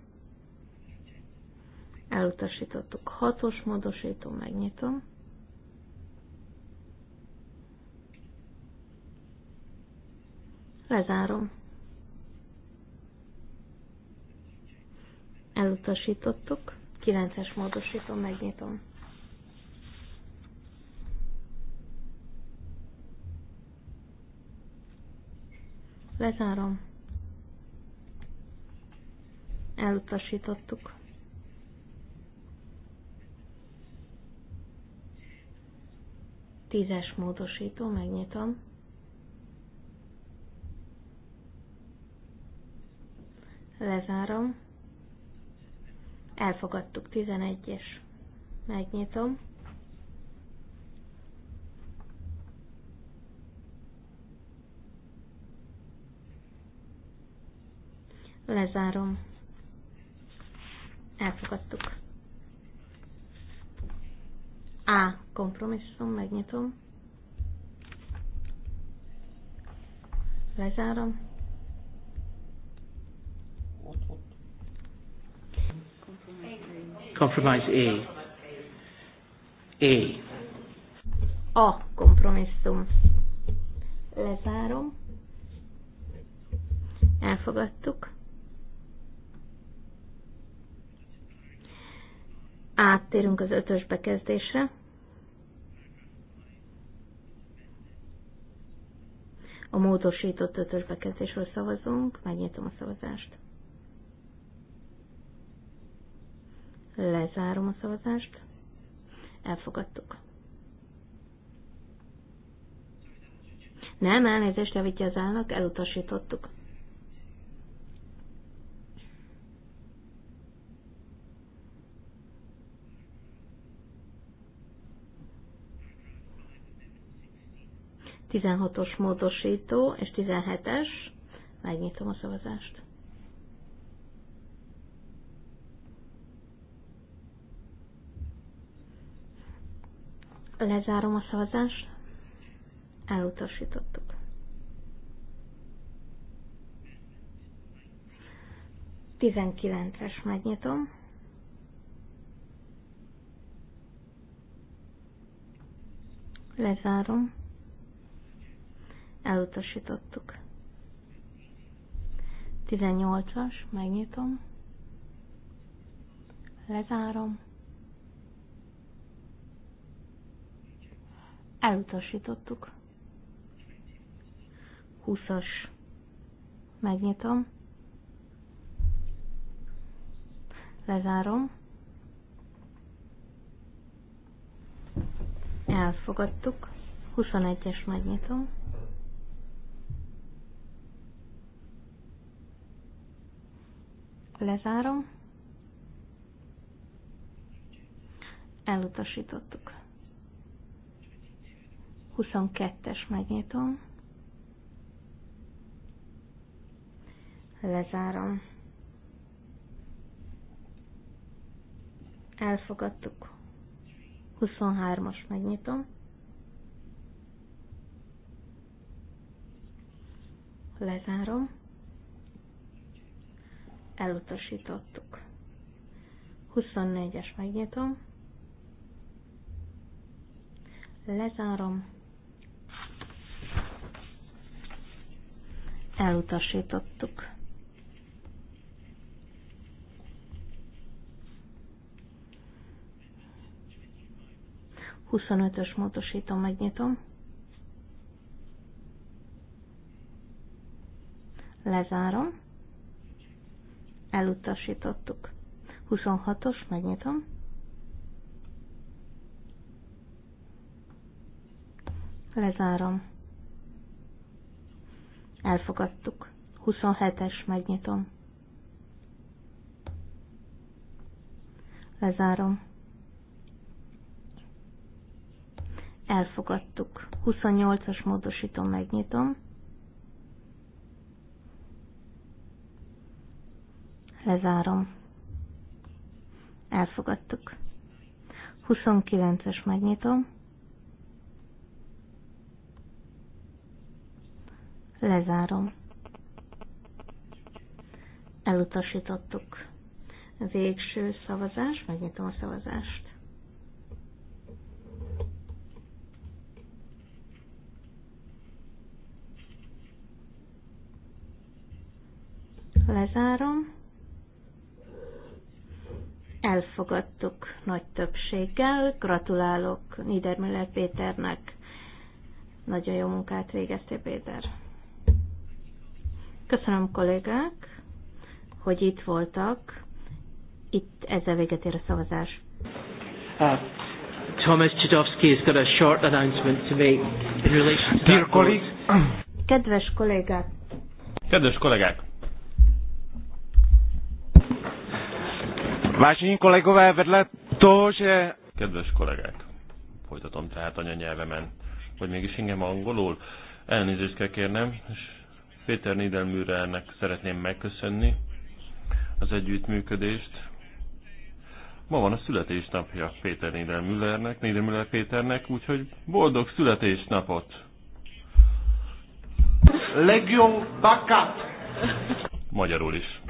Elutasítottuk. Hatos módosító, megnyitom. Lezárom. Elutasítottuk. 9-es módosítom, megnyitom. Lezárom. Elutasítottuk. Tízes módosító, megnyitom. Lezárom. Elfogadtuk 11-es. Megnyitom. Lezárom. Elfogadtuk. A. Kompromisszum. Megnyitom. Lezárom. Compromise A. A. A kompromisszum. Lezárom. Elfogadtuk. Áttérünk az ötös bekezdésre. A módosított ötös bekezdésről szavazunk. Megnyitom a szavazást. Lezárom a szavazást. Elfogadtuk. Nem, elnézést javítja az állnak, elutasítottuk. Tizenhatos módosító és tizenhetes. Megnyitom a szavazást. Lezárom a szavazást. Elutasítottuk. Tizenkilences megnyitom. Lezárom. Elutasítottuk. Tizennyolcas, megnyitom. Lezárom. Elutasítottuk. 20-as. Megnyitom. Lezárom. Elfogadtuk. 21-es megnyitom. Lezárom. Elutasítottuk. 22-es megnyitom. Lezárom. Elfogadtuk. 23-as megnyitom. Lezárom. Elutasítottuk. 24-es megnyitom. Lezárom. elutasítottuk. Huszonötös módosítom, megnyitom. Lezárom. Elutasítottuk. 26-os, megnyitom. Lezárom Elfogadtuk. 27-es megnyitom. Lezárom. Elfogadtuk. 28-as módosítom, megnyitom. Lezárom. Elfogadtuk. 29-es megnyitom. Lezárom. Elutasítottuk. Végső szavazás, megnyitom a szavazást. Lezárom. Elfogadtuk nagy többséggel. Gratulálok Niedermüller Péternek. Nagyon jó munkát végeztél, Péter. Köszönöm kollégák, hogy itt voltak. Itt ezzel véget ér a szavazás. Uh, Thomas Chidovsky has got a short announcement to make in relation to Dear colleagues. Kedves kollégák! Kedves kollégák! Vážení kolegové, vedle toho, že... Kedves kollégák, folytatom tehát anyanyelvemen, hogy mégis ingem angolul, elnézést kell kérnem, és Péter Niedelműrernek szeretném megköszönni az együttműködést. Ma van a születésnapja Péter Niedelmüllernek, Niedelmüller Péternek, úgyhogy boldog születésnapot! Legion Bakat! Magyarul is.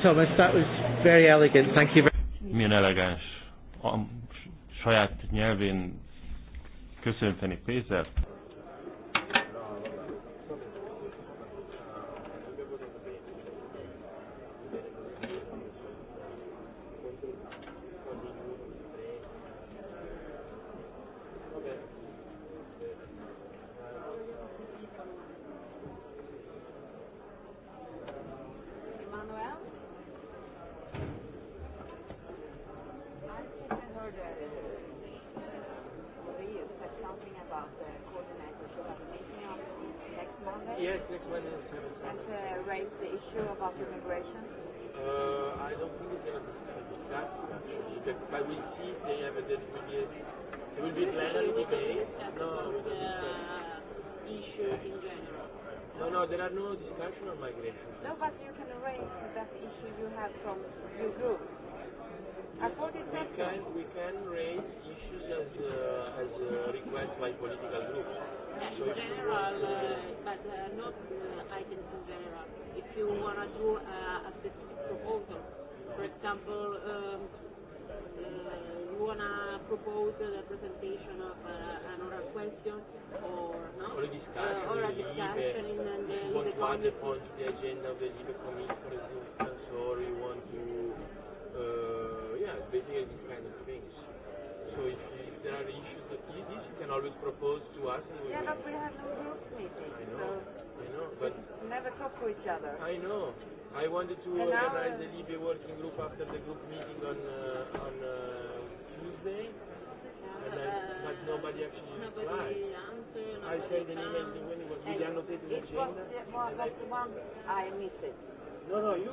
Thomas, that was very elegant. Thank you very Milyen elegáns. A saját nyelvén köszönteni Pézert.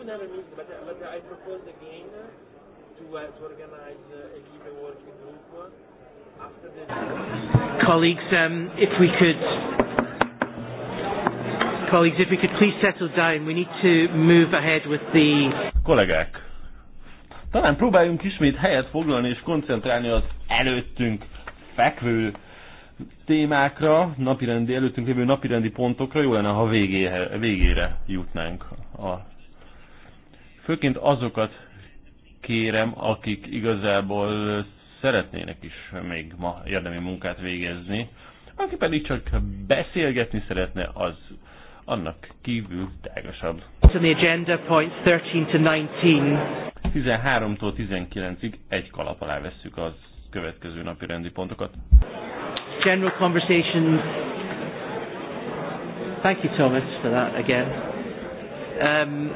even have a meeting, but, uh, but I proposed again to, uh, to organize uh, a given working group after the... Colleagues, um, if we could... Colleagues, if we could please settle down, we need to move ahead with the... Kollégák, talán próbáljunk ismét helyet foglalni és koncentrálni az előttünk fekvő témákra, napirendi, előttünk lévő napirendi pontokra, jó lenne, ha végére, végére jutnánk a Főként azokat kérem, akik igazából szeretnének is még ma érdemi munkát végezni, aki pedig csak beszélgetni szeretne, az annak kívül tágasabb. 13-tól 19-ig egy kalap alá vesszük az következő napi rendi pontokat. General conversation. Thank you, Thomas, for that again. Um,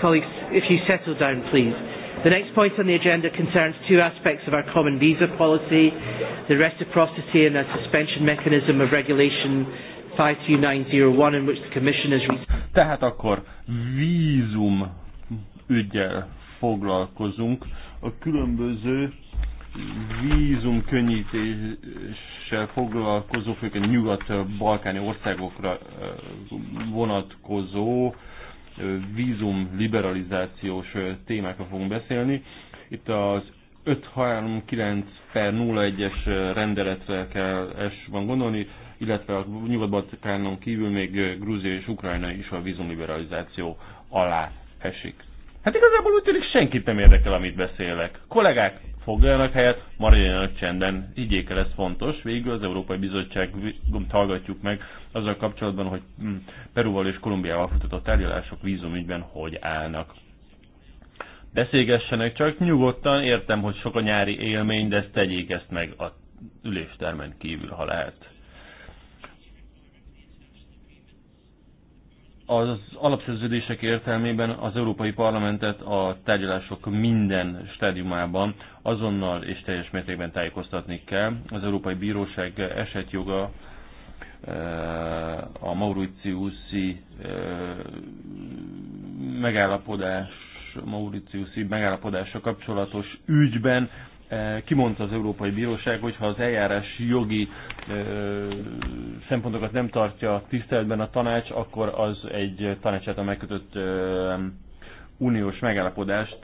Colleagues, if you settle down, please. The next point on the agenda concerns two aspects of our common visa policy, the reciprocity and the suspension mechanism of regulation 52901 in which the Commission is... Tehát akkor vízum ügyel foglalkozunk. A különböző vízum könnyítéssel foglalkozó, főként nyugat-balkáni országokra eh, vonatkozó vízum liberalizációs témákra fogunk beszélni. Itt az 539 per 01-es rendeletre kell es van gondolni, illetve a Nyugat-Balkánon kívül még Grúzia és Ukrajna is a vízumliberalizáció alá esik. Hát igazából úgy tűnik senkit nem érdekel, amit beszélek. Kollégák, foglaljanak helyet, maradjanak csenden, higgyék el, ez fontos. Végül az Európai Bizottság hallgatjuk meg azzal kapcsolatban, hogy mm, Peruval és Kolumbiával folytatott tárgyalások vízumügyben hogy állnak. Beszélgessenek csak nyugodtan, értem, hogy sok a nyári élmény, de ezt tegyék ezt meg a üléstermen kívül, ha lehet. az alapszerződések értelmében az Európai Parlamentet a tárgyalások minden stádiumában azonnal és teljes mértékben tájékoztatni kell. Az Európai Bíróság esetjoga eh, a Mauritiuszi eh, megállapodás Mauritiuszi megállapodása kapcsolatos ügyben kimondta az Európai Bíróság, hogy ha az eljárás jogi szempontokat nem tartja tiszteletben a tanács, akkor az egy tanácsát megkötött uniós megállapodást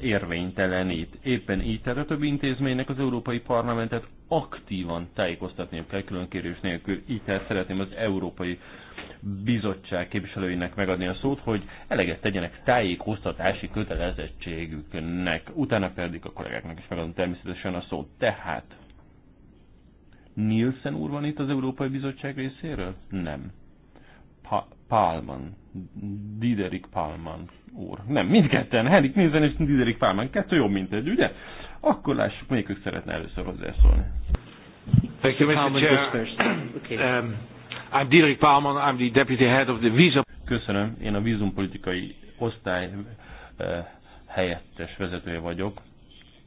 érvénytelenít. Éppen így tehát a többi intézménynek az Európai Parlamentet aktívan tájékoztatni kell különkérés nélkül. Így tehát szeretném az Európai bizottság képviselőinek megadni a szót, hogy eleget tegyenek tájékoztatási kötelezettségüknek. Utána pedig a kollégáknak is megadom természetesen a szót. Tehát Nielsen úr van itt az Európai Bizottság részéről? Nem. Pa Palman. Diderik Palman úr. Nem, mindketten. Henrik Nielsen és Diderik Palman. Kettő jobb, mint egy, ugye? Akkor lássuk, melyikük szeretne először hozzászólni. Thank you, Mr. Chair. Um, I'm Diederik Palman, I'm the deputy head of the visa. Köszönöm, én a vízumpolitikai osztály eh, helyettes vezetője vagyok.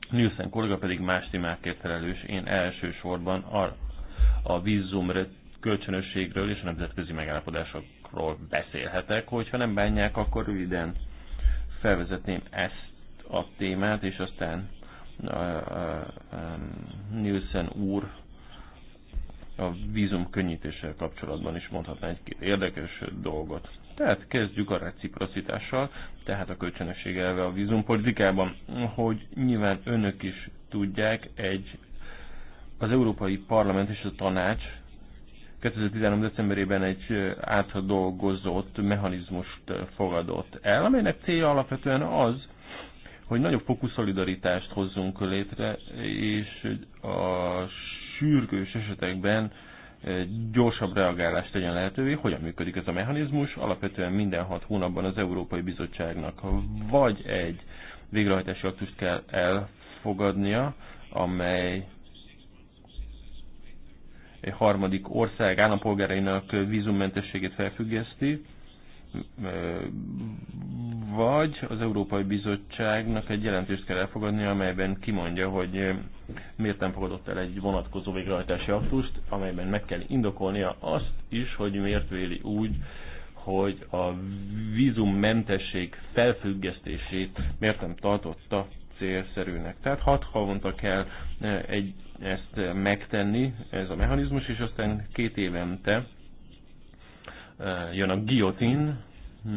Nielsen kollega pedig más témákért felelős. Én elsősorban a, a vízum kölcsönösségről és a nemzetközi megállapodásokról beszélhetek. Hogyha nem bánják, akkor röviden felvezetném ezt a témát, és aztán uh, uh, Nielsen úr a vízum könnyítéssel kapcsolatban is mondhatná egy-két érdekes dolgot. Tehát kezdjük a reciprocitással, tehát a kölcsönösség elve a vízumpolitikában, hogy nyilván önök is tudják, egy az Európai Parlament és a Tanács 2013. decemberében egy átdolgozott mechanizmust fogadott el, amelynek célja alapvetően az, hogy nagyobb fokú szolidaritást hozzunk létre, és a sürgős esetekben eh, gyorsabb reagálást tegyen lehetővé. Hogyan működik ez a mechanizmus? Alapvetően minden hat hónapban az Európai Bizottságnak vagy egy végrehajtási aktust kell elfogadnia, amely egy harmadik ország állampolgárainak vízummentességét felfüggeszti, vagy az Európai Bizottságnak egy jelentést kell elfogadni, amelyben kimondja, hogy eh, miért nem fogadott el egy vonatkozó végrehajtási aktust, amelyben meg kell indokolnia azt is, hogy miért véli úgy, hogy a vízummentesség felfüggesztését miért nem tartotta célszerűnek. Tehát hat havonta kell eh, egy, ezt megtenni, ez a mechanizmus, és aztán két évente eh, jön a guillotine,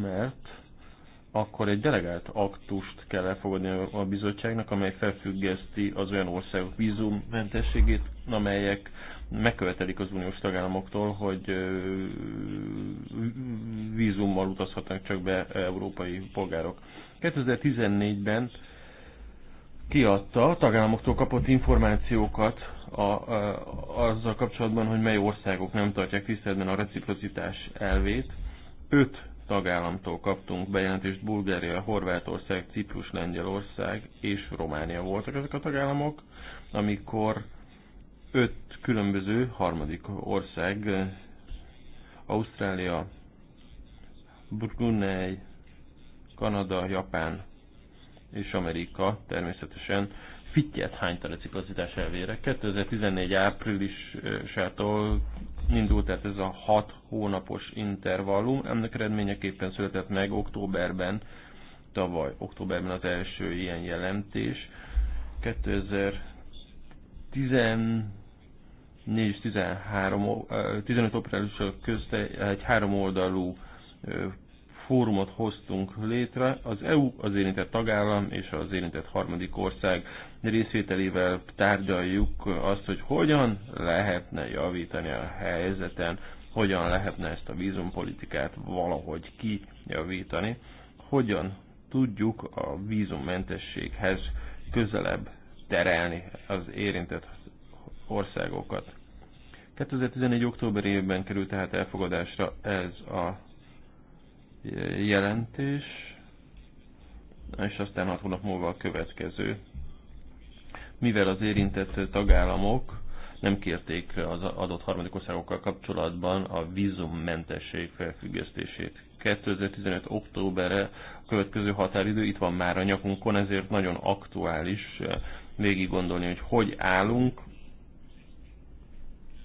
mert akkor egy delegált aktust kell elfogadni a bizottságnak, amely felfüggeszti az olyan országok vízummentességét, amelyek megkövetelik az uniós tagállamoktól, hogy vízummal utazhatnak csak be európai polgárok. 2014-ben kiadta, a tagállamoktól kapott információkat a, a, azzal kapcsolatban, hogy mely országok nem tartják tiszteletben a reciprocitás elvét. Öt tagállamtól kaptunk bejelentést, Bulgária, Horvátország, Ciprus, Lengyelország és Románia voltak ezek a tagállamok, amikor öt különböző harmadik ország, Ausztrália, Brunei, Kanada, Japán és Amerika természetesen fittyet hányta reciprocitás elvére. 2014 áprilisától indult tehát ez a 6 hónapos intervallum. Ennek eredményeképpen született meg októberben, tavaly októberben az első ilyen jelentés. 2014 13, 15 operálisok közt egy oldalú fórumot hoztunk létre, az EU, az érintett tagállam és az érintett harmadik ország részvételével tárgyaljuk azt, hogy hogyan lehetne javítani a helyzeten, hogyan lehetne ezt a vízumpolitikát valahogy kijavítani, hogyan tudjuk a vízummentességhez közelebb terelni az érintett országokat. 2011. októberében került tehát elfogadásra ez a jelentés, és aztán hat hónap múlva a következő. Mivel az érintett tagállamok nem kérték az adott harmadik országokkal kapcsolatban a vízummentesség felfüggesztését. 2015. októberre a következő határidő itt van már a nyakunkon, ezért nagyon aktuális végig gondolni, hogy hogy állunk,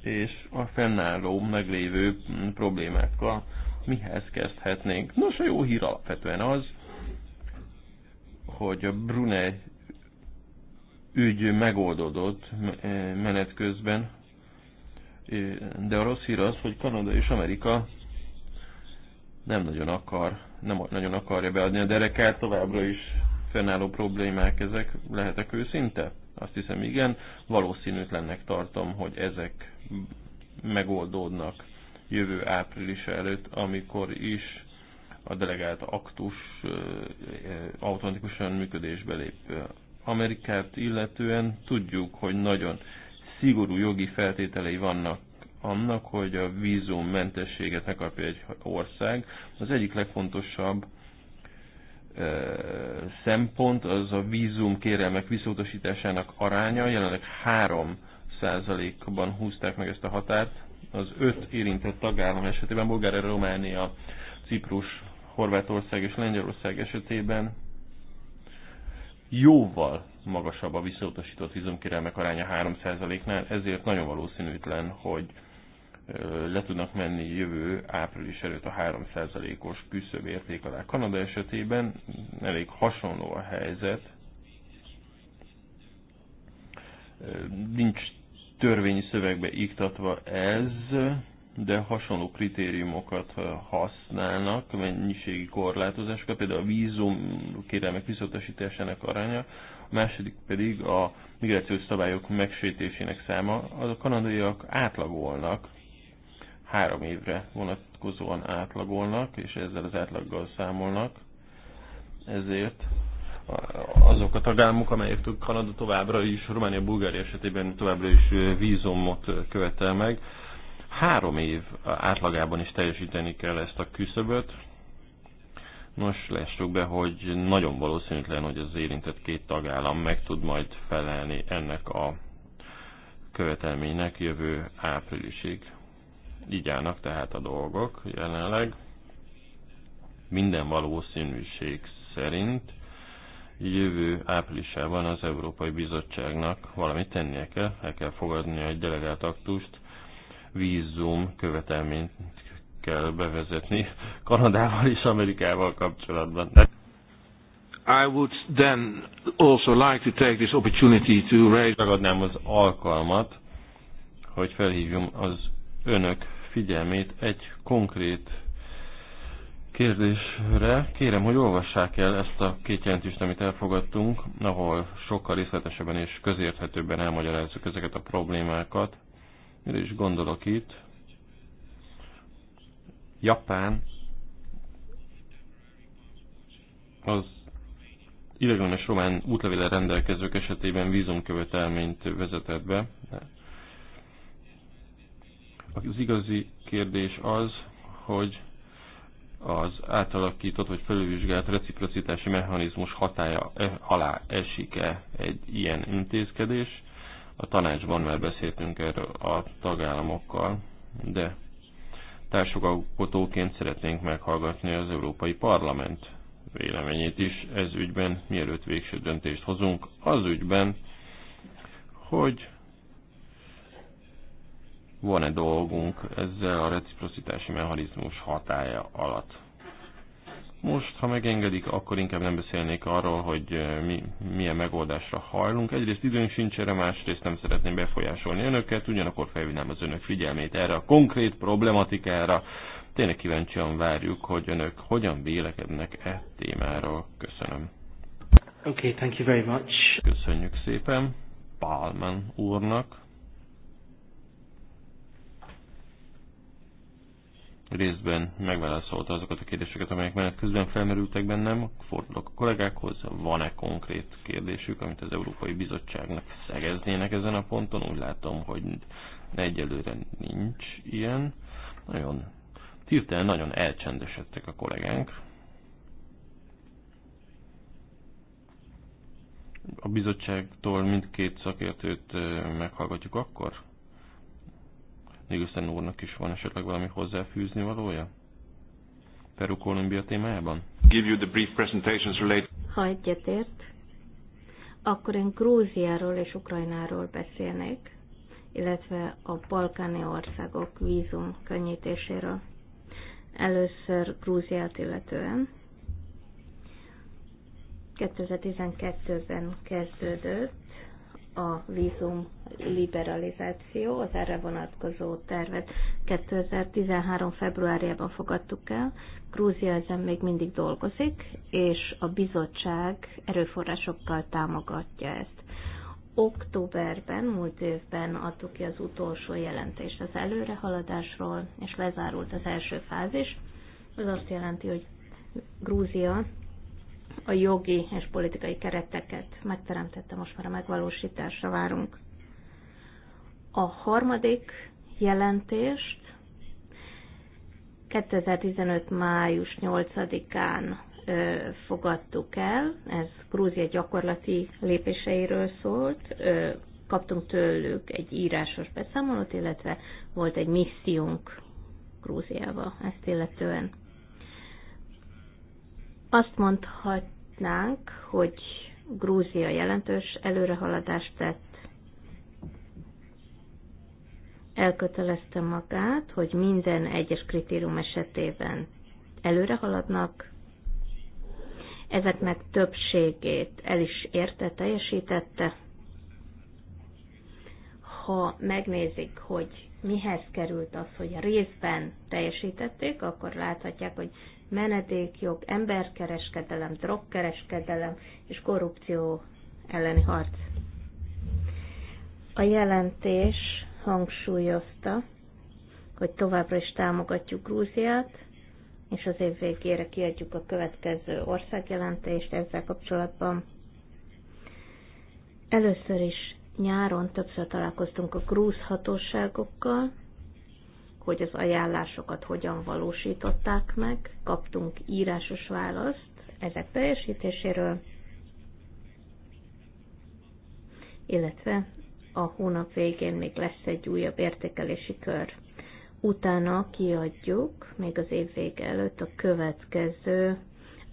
és a fennálló meglévő problémákkal mihez kezdhetnénk? Nos, a jó hír alapvetően az, hogy a Brunei ügy megoldódott eh, menet közben, de a rossz hír az, hogy Kanada és Amerika nem nagyon akar, nem nagyon akarja beadni a derekát, továbbra is fennálló problémák ezek, lehetek őszinte? Azt hiszem igen, valószínűtlennek tartom, hogy ezek megoldódnak jövő április előtt, amikor is a delegált aktus automatikusan működésbe lép. Amerikát illetően tudjuk, hogy nagyon szigorú jogi feltételei vannak annak, hogy a vízummentességet ne kapja egy ország. Az egyik legfontosabb szempont az a vízum kérelmek visszautasításának aránya. Jelenleg 3 ban húzták meg ezt a határt az öt érintett tagállam esetében, Bulgária, Románia, Ciprus, Horvátország és Lengyelország esetében jóval magasabb a visszautasított vízumkérelmek aránya 3%-nál, ezért nagyon valószínűtlen, hogy le tudnak menni jövő április előtt a 3%-os küszöb érték alá. Kanada esetében elég hasonló a helyzet. Nincs törvényi szövegbe iktatva ez, de hasonló kritériumokat használnak, mennyiségi korlátozásokat, például a vízum kérelmek visszautasításának aránya, a második pedig a migrációs szabályok megsértésének száma. A kanadaiak átlagolnak, három évre vonatkozóan átlagolnak, és ezzel az átlaggal számolnak, ezért azok a tagállamok, amelyek Kanada továbbra is, Románia, Bulgária esetében továbbra is vízumot követel meg. Három év átlagában is teljesíteni kell ezt a küszöböt. Nos, lássuk be, hogy nagyon valószínűtlen, hogy az érintett két tagállam meg tud majd felelni ennek a követelménynek jövő áprilisig. Így állnak tehát a dolgok jelenleg. Minden valószínűség szerint jövő áprilisában az Európai Bizottságnak valamit tennie kell, el kell fogadni egy delegált aktust, vízum követelményt kell bevezetni Kanadával és Amerikával kapcsolatban. I would then also like to take this opportunity to raise... Ragadnám az alkalmat, hogy felhívjam az önök figyelmét egy konkrét kérdésre kérem, hogy olvassák el ezt a két jelentést, amit elfogadtunk, ahol sokkal részletesebben és közérthetőbben elmagyarázzuk ezeket a problémákat. Mire is gondolok itt? Japán az ideiglenes román útlevéle rendelkezők esetében vízumkövetelményt vezetett be. Az igazi kérdés az, hogy az átalakított vagy felülvizsgált reciprocitási mechanizmus hatája eh, alá esik-e egy ilyen intézkedés. A tanácsban már beszéltünk erről a tagállamokkal, de társadalmatóként szeretnénk meghallgatni az Európai Parlament véleményét is ez ügyben, mielőtt végső döntést hozunk, az ügyben, hogy van-e dolgunk ezzel a reciprocitási mechanizmus hatája alatt. Most, ha megengedik, akkor inkább nem beszélnék arról, hogy eh, mi, milyen megoldásra hajlunk. Egyrészt időnk sincs erre, másrészt nem szeretném befolyásolni önöket, ugyanakkor felvinnám az önök figyelmét erre a konkrét problematikára. Tényleg kíváncsian várjuk, hogy önök hogyan vélekednek e témáról. Köszönöm. Okay, thank you very much. Köszönjük szépen Palman úrnak. részben megválaszolta azokat a kérdéseket, amelyek menet közben felmerültek bennem. Fordulok a kollégákhoz, van-e konkrét kérdésük, amit az Európai Bizottságnak szegeznének ezen a ponton? Úgy látom, hogy egyelőre nincs ilyen. Nagyon hirtelen nagyon elcsendesedtek a kollégánk. A bizottságtól mindkét szakértőt eh, meghallgatjuk akkor? Négőszen úrnak is van esetleg valami hozzáfűzni valója? Peru-Kolumbia témájában? Give you the brief presentations related. Ha egyetért, akkor én Grúziáról és Ukrajnáról beszélnék, illetve a balkáni országok vízum könnyítéséről. Először Grúziát illetően. 2012-ben kezdődött a vízum liberalizáció, az erre vonatkozó tervet 2013. februárjában fogadtuk el. Grúzia ezen még mindig dolgozik, és a bizottság erőforrásokkal támogatja ezt. Októberben, múlt évben adtuk ki az utolsó jelentést az előrehaladásról, és lezárult az első fázis. Ez azt jelenti, hogy Grúzia a jogi és politikai kereteket megteremtette, most már a megvalósításra várunk. A harmadik jelentést 2015. május 8-án fogadtuk el, ez Grúzia gyakorlati lépéseiről szólt, kaptunk tőlük egy írásos beszámolót, illetve volt egy missziónk Grúziába ezt illetően. Azt mondhatnánk, hogy Grúzia jelentős előrehaladást tett. Elkötelezte magát, hogy minden egyes kritérium esetében előrehaladnak. ezeknek többségét el is érte, teljesítette. Ha megnézik, hogy mihez került az, hogy részben teljesítették, akkor láthatják, hogy menedékjog, emberkereskedelem, drogkereskedelem és korrupció elleni harc. A jelentés hangsúlyozta, hogy továbbra is támogatjuk Grúziát, és az év végére kiadjuk a következő országjelentést ezzel kapcsolatban. Először is nyáron többször találkoztunk a grúz hatóságokkal, hogy az ajánlásokat hogyan valósították meg, kaptunk írásos választ ezek teljesítéséről, illetve a hónap végén még lesz egy újabb értékelési kör. Utána kiadjuk, még az év vége előtt a következő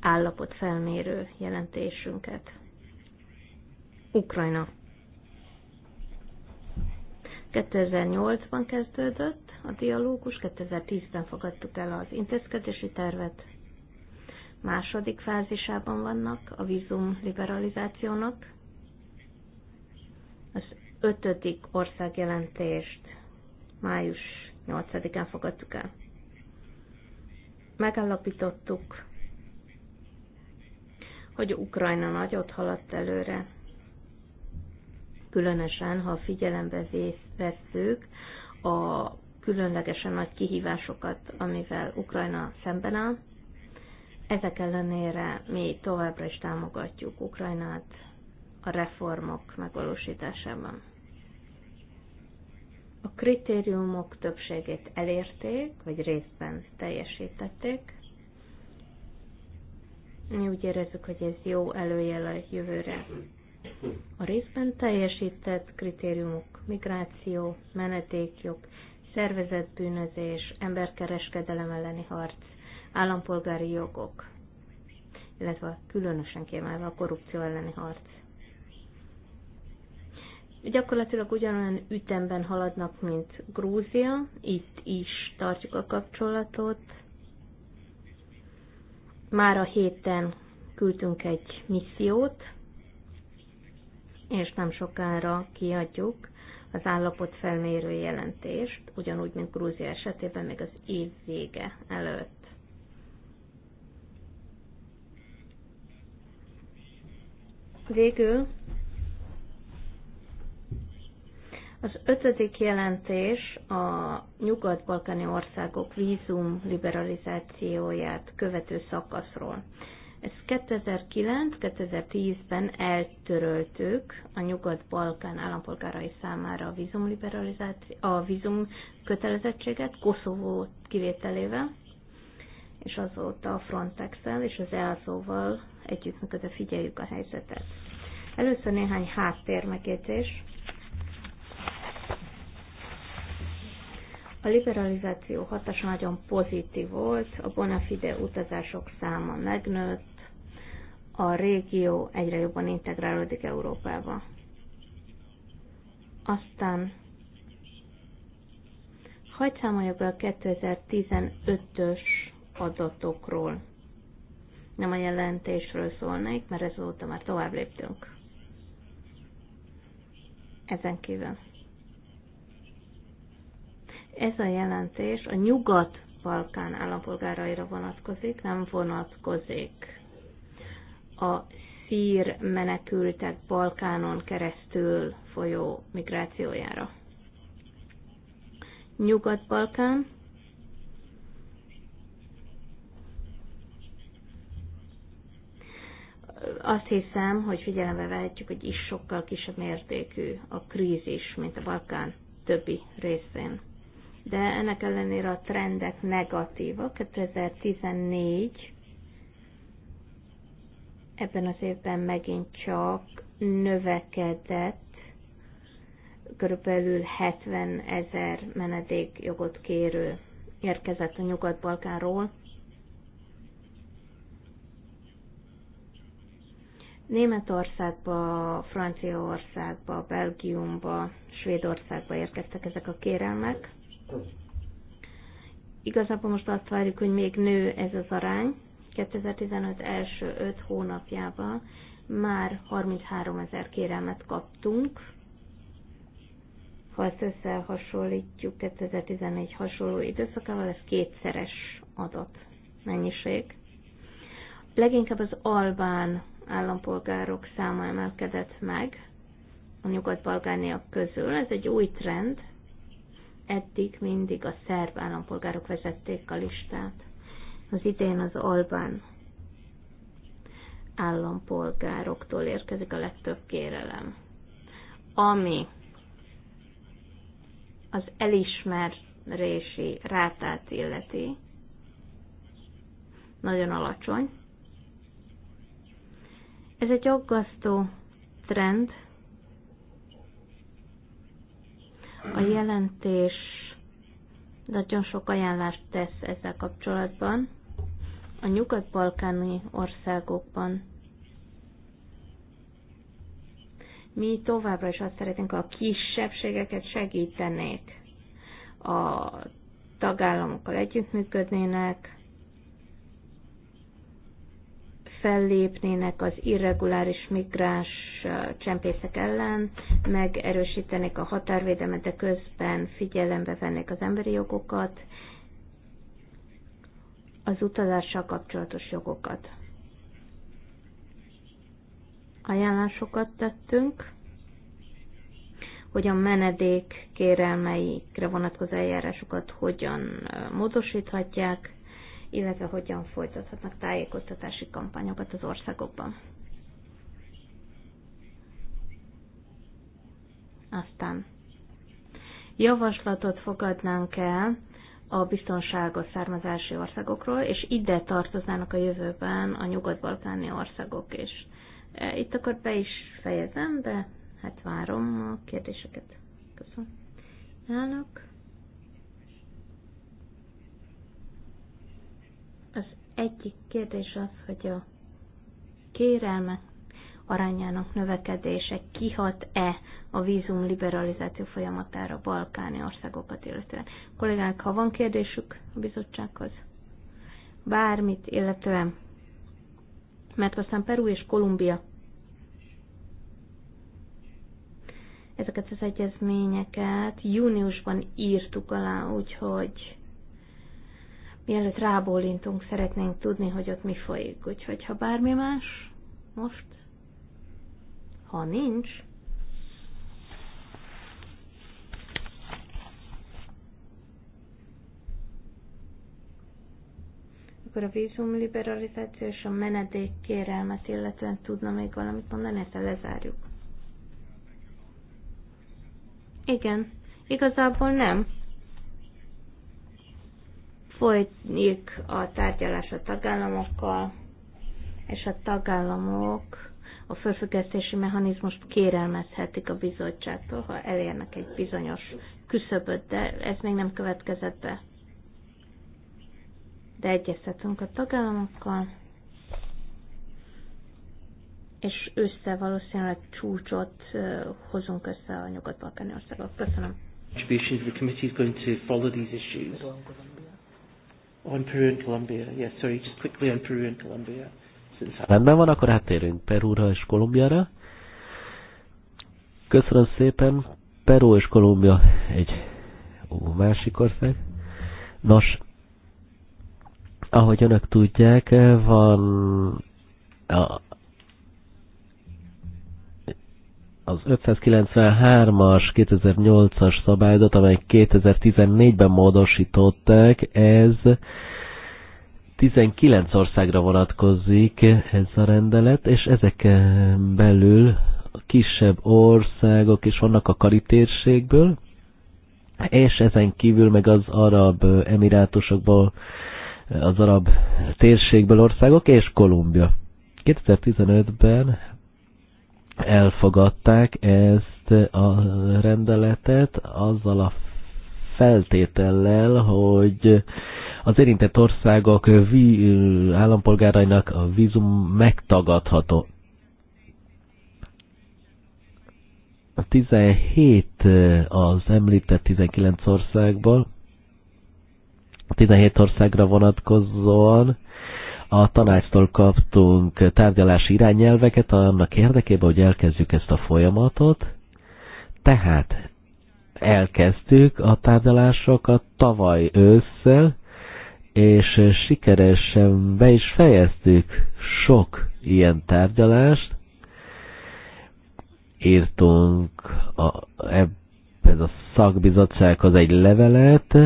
állapot felmérő jelentésünket. Ukrajna. 2008-ban kezdődött, a dialógus, 2010-ben fogadtuk el az intézkedési tervet, második fázisában vannak a vízum liberalizációnak, az ötödik országjelentést május 8-án fogadtuk el. Megállapítottuk, hogy Ukrajna nagyot haladt előre, különösen, ha figyelembe vesszük a különlegesen nagy kihívásokat, amivel Ukrajna szemben áll. Ezek ellenére mi továbbra is támogatjuk Ukrajnát a reformok megvalósításában. A kritériumok többségét elérték, vagy részben teljesítették. Mi úgy érezzük, hogy ez jó előjel a jövőre. A részben teljesített kritériumok migráció, menetékjog szervezetbűnözés, emberkereskedelem elleni harc, állampolgári jogok, illetve különösen kiemelve a korrupció elleni harc. Gyakorlatilag ugyanolyan ütemben haladnak, mint Grúzia, itt is tartjuk a kapcsolatot. Már a héten küldtünk egy missziót, és nem sokára kiadjuk az állapot felmérő jelentést, ugyanúgy, mint Grúzia esetében még az év vége előtt. Végül az ötödik jelentés a nyugat-balkáni országok vízum liberalizációját követő szakaszról. Ez 2009-2010-ben eltöröltük a Nyugat-Balkán állampolgárai számára a vízumliberalizáció, a vízum kötelezettséget Koszovó kivételével, és azóta a Frontex-el és az ELSZ-val együttműködve figyeljük a helyzetet. Először néhány háttérmegjegyzés. A liberalizáció hatása nagyon pozitív volt, a Bonafide utazások száma megnőtt, a régió egyre jobban integrálódik Európába. Aztán hagyd számoljak be a 2015-ös adatokról. Nem a jelentésről szólnék, mert ezóta már tovább léptünk. Ezen kívül. Ez a jelentés a Nyugat-Balkán állampolgáraira vonatkozik, nem vonatkozik a szír menekültek Balkánon keresztül folyó migrációjára. Nyugat-Balkán, azt hiszem, hogy figyelembe vehetjük, hogy is sokkal kisebb mértékű a krízis, mint a Balkán többi részén. De ennek ellenére a trendek negatívak. 2014 ebben az évben megint csak növekedett körülbelül 70 ezer menedékjogot kérő érkezett a Nyugat-Balkánról. Németországba, Franciaországba, Belgiumba, Svédországba érkeztek ezek a kérelmek. Igazából most azt várjuk, hogy még nő ez az arány, 2015 első 5 hónapjában már 33 ezer kérelmet kaptunk. Ha ezt összehasonlítjuk 2014 hasonló időszakával, ez kétszeres adat mennyiség. Leginkább az albán állampolgárok száma emelkedett meg a nyugat-balgániak közül. Ez egy új trend. Eddig mindig a szerb állampolgárok vezették a listát az idén az albán állampolgároktól érkezik a legtöbb kérelem, ami az elismerési rátát illeti, nagyon alacsony. Ez egy aggasztó trend. A jelentés nagyon sok ajánlást tesz ezzel kapcsolatban a nyugat-balkáni országokban. Mi továbbra is azt szeretnénk, a kisebbségeket segítenék, a tagállamokkal együttműködnének, fellépnének az irreguláris migráns csempészek ellen, megerősítenék a határvédelmet, de közben figyelembe vennék az emberi jogokat, az utazással kapcsolatos jogokat. Ajánlásokat tettünk, hogy a menedék kérelmeikre vonatkozó eljárásokat hogyan módosíthatják, illetve hogyan folytathatnak tájékoztatási kampányokat az országokban. Aztán javaslatot fogadnánk el a biztonságos származási országokról, és ide tartoznának a jövőben a nyugat-balkáni országok is. E, itt akkor be is fejezem, de hát várom a kérdéseket. Köszönöm. Elnök. Az egyik kérdés az, hogy a kérelmek arányának növekedése kihat-e a vízum liberalizáció folyamatára a balkáni országokat illetően. Kollégák, ha van kérdésük a bizottsághoz, bármit illetően, mert aztán Peru és Kolumbia ezeket az egyezményeket júniusban írtuk alá, úgyhogy mielőtt rábólintunk, szeretnénk tudni, hogy ott mi folyik. Úgyhogy ha bármi más, most ha nincs, akkor a liberalizáció és a menedék kérelmet illetően tudna még valamit mondani, ezt lezárjuk. Igen, igazából nem. Folyik a tárgyalás a tagállamokkal, és a tagállamok a felfüggesztési mechanizmust kérelmezhetik a bizottságtól, ha elérnek egy bizonyos küszöböt, de ez még nem következett be. De egyeztetünk a tagállamokkal, és össze valószínűleg csúcsot hozunk össze a nyugat-balkáni országok. Köszönöm. On Peru and Colombia, yes, sorry, just quickly on Peru and Colombia rendben van, akkor áttérünk Perúra és Kolumbiára. Köszönöm szépen, Peru és Kolumbia egy ó, másik ország. Nos, ahogy önök tudják, van a, az 593-as 2008-as szabályzat, amely 2014-ben módosították, ez 19 országra vonatkozik ez a rendelet, és ezeken belül kisebb országok is vannak a karitérségből, és ezen kívül meg az arab emirátusokból, az arab térségből országok, és Kolumbia. 2015-ben elfogadták ezt a rendeletet azzal a feltétellel, hogy az érintett országok vi, állampolgárainak a vízum megtagadható. A 17 az említett 19 országból, a 17 országra vonatkozóan a tanácstól kaptunk tárgyalási irányelveket annak érdekében, hogy elkezdjük ezt a folyamatot. Tehát elkezdtük a tárgyalásokat tavaly ősszel, és eh, sikeresen be is fejeztük sok ilyen tárgyalást. Írtunk a, ebben a szakbizottsághoz egy levelet,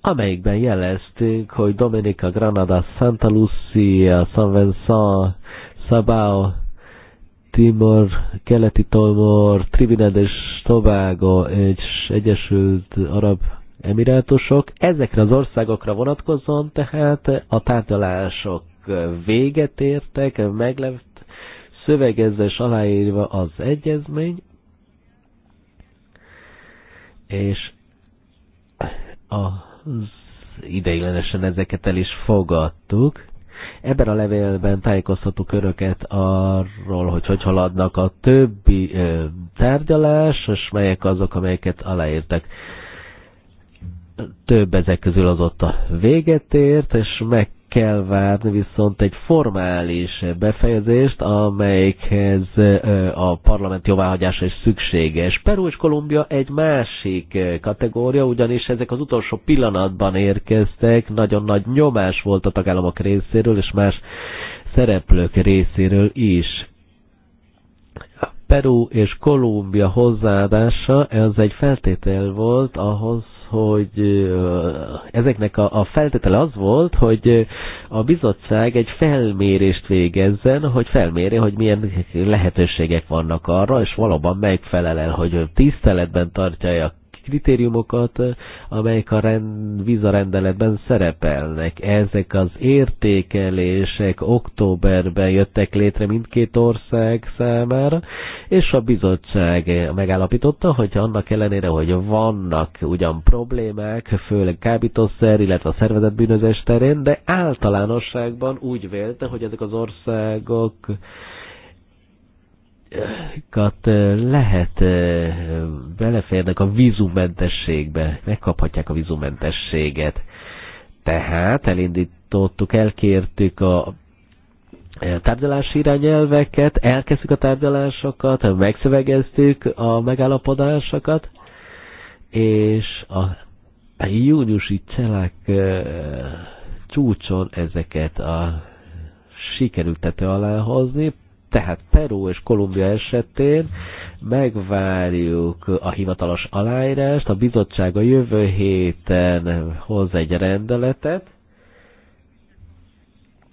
amelyikben jeleztünk, hogy Dominika Granada, Santa Lucia, San Vincent, Sabao, Timor, Keleti Tomor, Trinidad és Tobago, egy Egyesült Arab emirátusok. Ezekre az országokra vonatkozóan tehát a tárgyalások véget értek, meglevett szövegezés aláírva az egyezmény, és az ideiglenesen ezeket el is fogadtuk. Ebben a levélben tájékoztatuk öröket arról, hogy hogy haladnak a többi ö, tárgyalás, és melyek azok, amelyeket aláírtak több ezek közül az ott a véget ért, és meg kell várni viszont egy formális befejezést, amelyikhez a parlament jóváhagyása is szükséges. Peru és Kolumbia egy másik kategória, ugyanis ezek az utolsó pillanatban érkeztek, nagyon nagy nyomás volt a tagállamok részéről és más szereplők részéről is. Peru és Kolumbia hozzáadása, ez egy feltétel volt ahhoz, hogy ezeknek a, a feltétele az volt, hogy a bizottság egy felmérést végezzen, hogy felmérje, hogy milyen lehetőségek vannak arra, és valóban megfelel hogy tiszteletben tartja a kritériumokat, amelyek a rend, vízarendeletben szerepelnek. Ezek az értékelések októberben jöttek létre mindkét ország számára, és a bizottság megállapította, hogy annak ellenére, hogy vannak ugyan problémák, főleg kábítószer, illetve a szervezetbűnözés terén, de általánosságban úgy vélte, hogy ezek az országok lehet eh, beleférnek a vízumentességbe, megkaphatják a vízumentességet. Tehát elindítottuk, elkértük a Eh, tárgyalási irányelveket, elkezdtük a tárgyalásokat, megszövegeztük a megállapodásokat, és a júniusi cselák eh, csúcson ezeket a sikerült tető alá hozni, tehát Peru és Kolumbia esetén megvárjuk a hivatalos aláírást, a bizottság a jövő héten hoz egy rendeletet,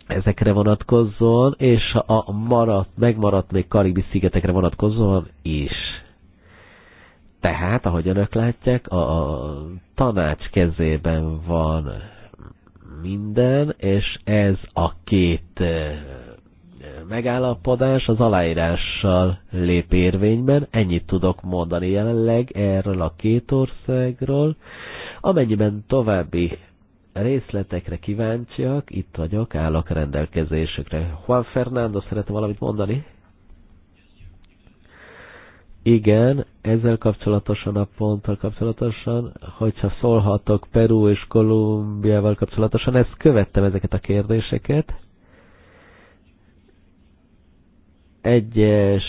ezekre vonatkozzon, és a maradt, megmaradt még Karibi szigetekre vonatkozzon is. Tehát, ahogy önök látják, a tanács kezében van minden, és ez a két megállapodás az aláírással lép érvényben. Ennyit tudok mondani jelenleg erről a két országról. Amennyiben további részletekre kíváncsiak, itt vagyok, állok rendelkezésükre. Juan Fernando szeretne valamit mondani? Igen, ezzel kapcsolatosan, a ponttal kapcsolatosan, hogyha szólhatok Peru és Kolumbiával kapcsolatosan, ezt követtem ezeket a kérdéseket. Egyes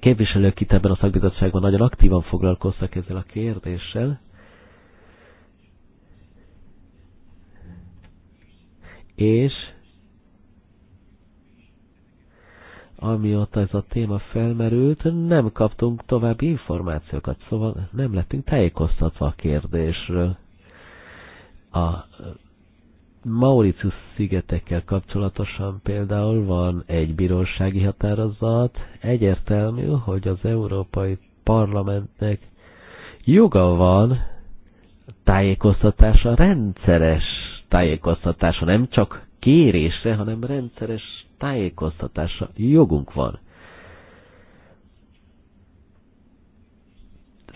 képviselők itt ebben a szakbizottságban nagyon aktívan foglalkoztak ezzel a kérdéssel. és amióta ez a téma felmerült, nem kaptunk további információkat, szóval nem lettünk tájékoztatva a kérdésről. A eh, Mauritius szigetekkel kapcsolatosan például van egy bírósági határozat, egyértelmű, hogy az Európai Parlamentnek joga van tájékoztatása rendszeres tájékoztatása, nem csak kérésre, hanem rendszeres tájékoztatása jogunk van.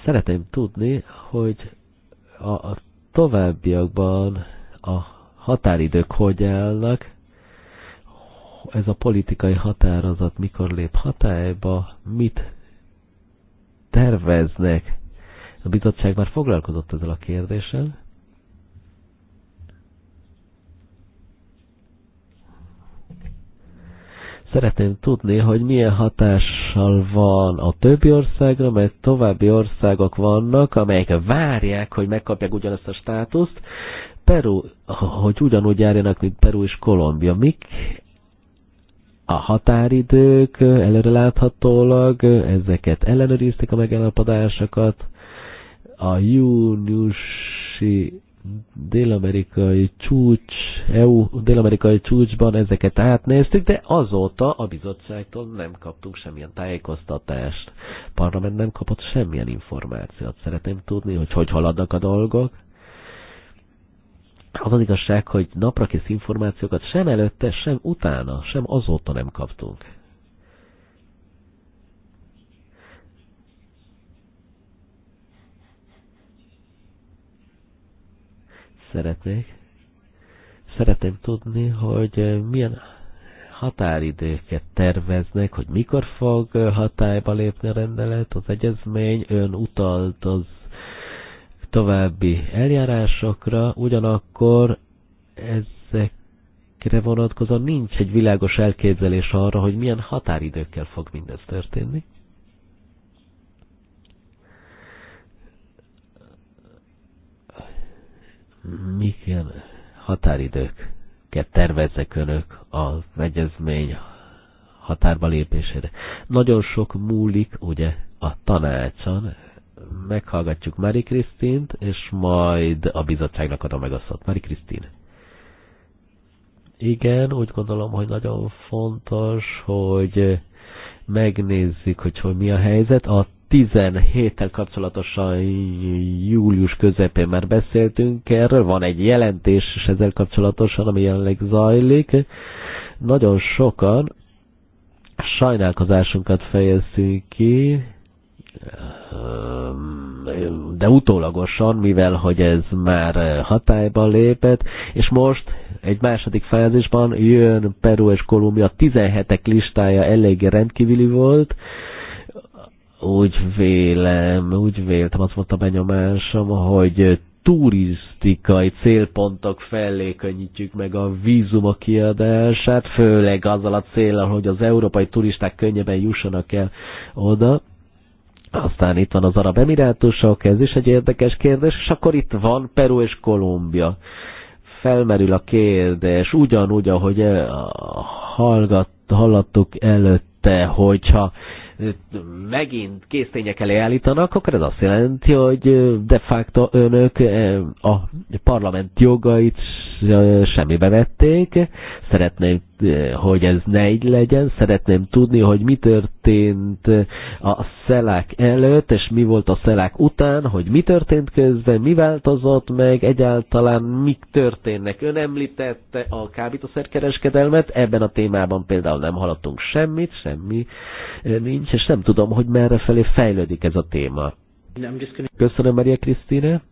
Szeretném tudni, hogy a, a továbbiakban a határidők hogy állnak, ez a politikai határozat mikor lép hatályba, mit terveznek. A bizottság már foglalkozott ezzel a kérdéssel. Szeretném tudni, hogy milyen hatással van a többi országra, mert további országok vannak, amelyek várják, hogy megkapják ugyanazt a státuszt, Peru, hogy ugyanúgy járjanak, mint Peru és Kolumbia. Mik a határidők előre láthatólag, ezeket ellenőrizték a megállapodásokat, a júniusi dél-amerikai csúcs, EU dél-amerikai csúcsban ezeket átnéztük, de azóta a bizottságtól nem kaptunk semmilyen tájékoztatást. A parlament nem kapott semmilyen információt. Szeretném tudni, hogy hogy haladnak a dolgok. Az az igazság, hogy naprakész információkat sem előtte, sem utána, sem azóta nem kaptunk. szeretnék. Szeretném tudni, hogy eh, milyen határidőket terveznek, hogy mikor fog eh, hatályba lépni a rendelet, az egyezmény, ön utalt az további eljárásokra, ugyanakkor ezekre vonatkozóan nincs egy világos elképzelés arra, hogy milyen határidőkkel fog mindez történni. mik határidőket tervezek önök az egyezmény határba lépésére. Nagyon sok múlik ugye a tanácson, meghallgatjuk Mari Krisztint, és majd a bizottságnak adom meg a szót. Mari Krisztin. Igen, úgy gondolom, hogy nagyon fontos, hogy megnézzük, hogy, hogy mi a helyzet. A 17-tel kapcsolatosan július közepén már beszéltünk erről, van egy jelentés és ezzel kapcsolatosan, ami jelenleg zajlik. Nagyon sokan sajnálkozásunkat fejezzük ki, de utólagosan, mivel hogy ez már hatályba lépett, és most egy második fázisban jön Peru és Kolumbia 17-ek listája eléggé rendkívüli volt, úgy vélem, úgy véltem, az volt a benyomásom, hogy turisztikai célpontok felé könnyítjük meg a vízuma kiadását, főleg azzal a célral, hogy az európai turisták könnyebben jussanak el oda. Aztán itt van az arab emirátusok, ez is egy érdekes kérdés, és akkor itt van Peru és Kolumbia. Felmerül a kérdés, ugyanúgy, ahogy eh, hallgat, hallattuk előtte, hogyha megint késztények elé állítanak, akkor ez azt jelenti, hogy de facto önök a parlament jogait semmibe vették. Szeretném, hogy ez ne így legyen. Szeretném tudni, hogy mi történt a szelák előtt, és mi volt a szelák után, hogy mi történt közben, mi változott meg, egyáltalán mi történnek. Ön említette a kábítószerkereskedelmet, ebben a témában például nem hallottunk semmit, semmi nincs nincs, és nem tudom, hogy merre felé fejlődik ez a téma. Köszönöm, Maria Krisztine.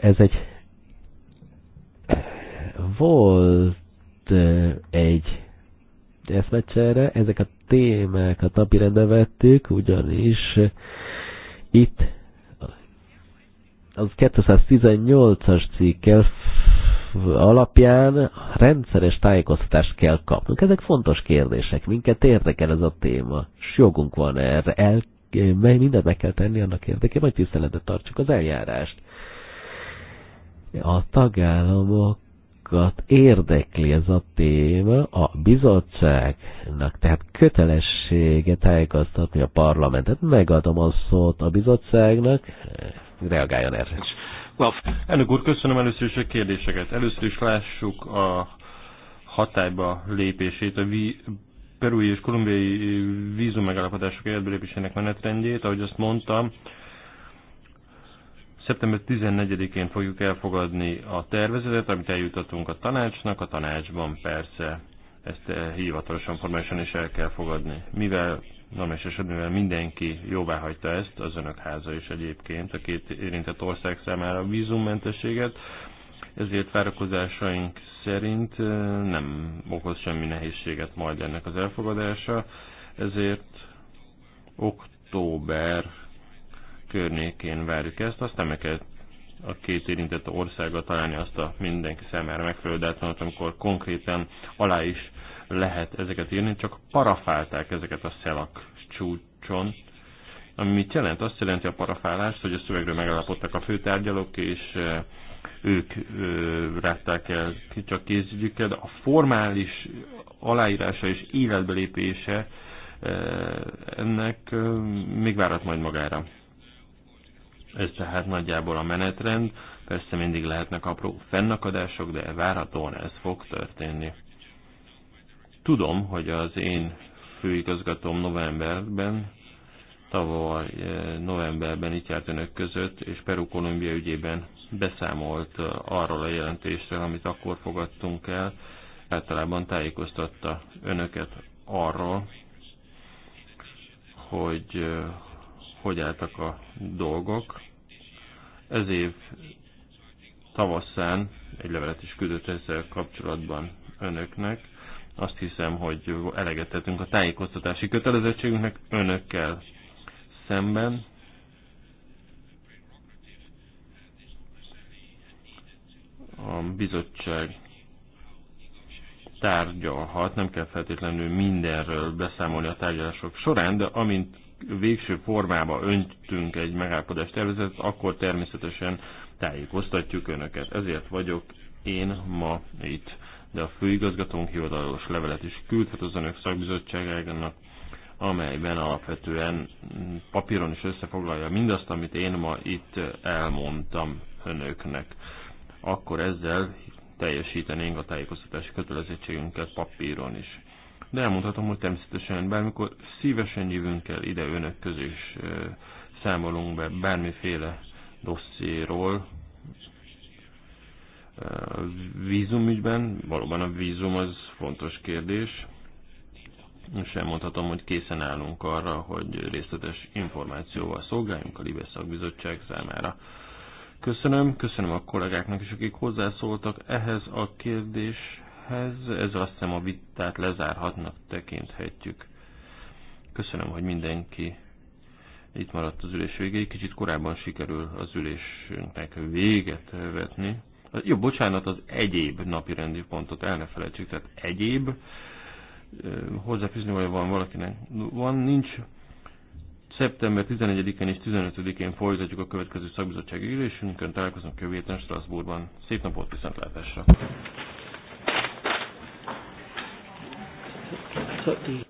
Ez egy volt egy eszmecsere, ezek a témákat napirendre vettük, ugyanis itt az 218-as cikkel alapján rendszeres tájékoztatást kell kapnunk. Ezek fontos kérdések, minket érdekel ez a téma, és jogunk van erre, el, mindent meg kell tenni annak érdekében, hogy tiszteletbe tartsuk az eljárást. A tagállamok érdekli ez a téma, a bizottságnak tehát kötelessége tájékoztatni a parlamentet. Megadom a szót a bizottságnak, reagáljon erre. Well, Elnök úr, köszönöm először is a kérdéseket. Először is lássuk a hatályba lépését, a perui és kolumbiai vízum megalapodások életbelépésének menetrendjét, ahogy azt mondtam, szeptember 14-én fogjuk elfogadni a tervezetet, amit eljutatunk a tanácsnak, a tanácsban persze ezt eh, hivatalosan formálisan is el kell fogadni. Mivel normális esetben, mivel mindenki jóvá hagyta ezt, az önök háza is egyébként a két érintett ország számára a vízummentességet, ezért várakozásaink szerint nem okoz semmi nehézséget majd ennek az elfogadása, ezért október környékén várjuk ezt, aztán meg kell a két érintett országgal találni azt a mindenki számára megfelelő dátumot, amikor konkrétan alá is lehet ezeket írni, csak parafálták ezeket a szelak csúcson, ami mit jelent? Azt jelenti a parafálást, hogy a szövegről megalapodtak a főtárgyalók, és ők rátták el csak kézügyükkel, de a formális aláírása és életbelépése ennek még várat majd magára. Ez tehát nagyjából a menetrend, persze mindig lehetnek apró fennakadások, de várhatóan ez fog történni. Tudom, hogy az én főigazgatóm novemberben, tavaly eh, novemberben itt járt önök között, és Peru-Kolumbia ügyében beszámolt eh, arról a jelentésről, amit akkor fogadtunk el, általában tájékoztatta önöket arról, hogy eh, hogy álltak a dolgok. Ez év tavasszán egy levelet is küldött ezzel kapcsolatban önöknek. Azt hiszem, hogy eleget tettünk a tájékoztatási kötelezettségünknek önökkel szemben. A bizottság tárgyalhat, nem kell feltétlenül mindenről beszámolni a tárgyalások során, de amint végső formába öntünk egy megállapodást tervezetet, akkor természetesen tájékoztatjuk Önöket. Ezért vagyok én ma itt de a főigazgatónk hivatalos levelet is küldhet az önök szakbizottságának, amelyben alapvetően papíron is összefoglalja mindazt, amit én ma itt elmondtam önöknek. Akkor ezzel teljesítenénk a tájékoztatási kötelezettségünket papíron is. De elmondhatom, hogy természetesen bármikor szívesen jövünk el ide önök közé, és számolunk be bármiféle dossziéról, vízumügyben, valóban a vízum az fontos kérdés, és elmondhatom, hogy készen állunk arra, hogy részletes információval szolgáljunk a Libes szakbizottság számára. Köszönöm, köszönöm a kollégáknak is, akik hozzászóltak ehhez a kérdéshez. Ez azt hiszem a vitát lezárhatnak tekinthetjük. Köszönöm, hogy mindenki itt maradt az ülés végéig. Kicsit korábban sikerül az ülésünknek véget vetni. Jó, bocsánat, az egyéb napi rendi pontot el ne felejtsük, tehát egyéb. Hozzáfűzni, hogy van valakinek. Van, nincs. Szeptember 11-én és 15-én folytatjuk a következő szakbizottsági ülésünkön. Találkozunk kövéten Strasbourgban. Szép napot, viszontlátásra! Köszönöm.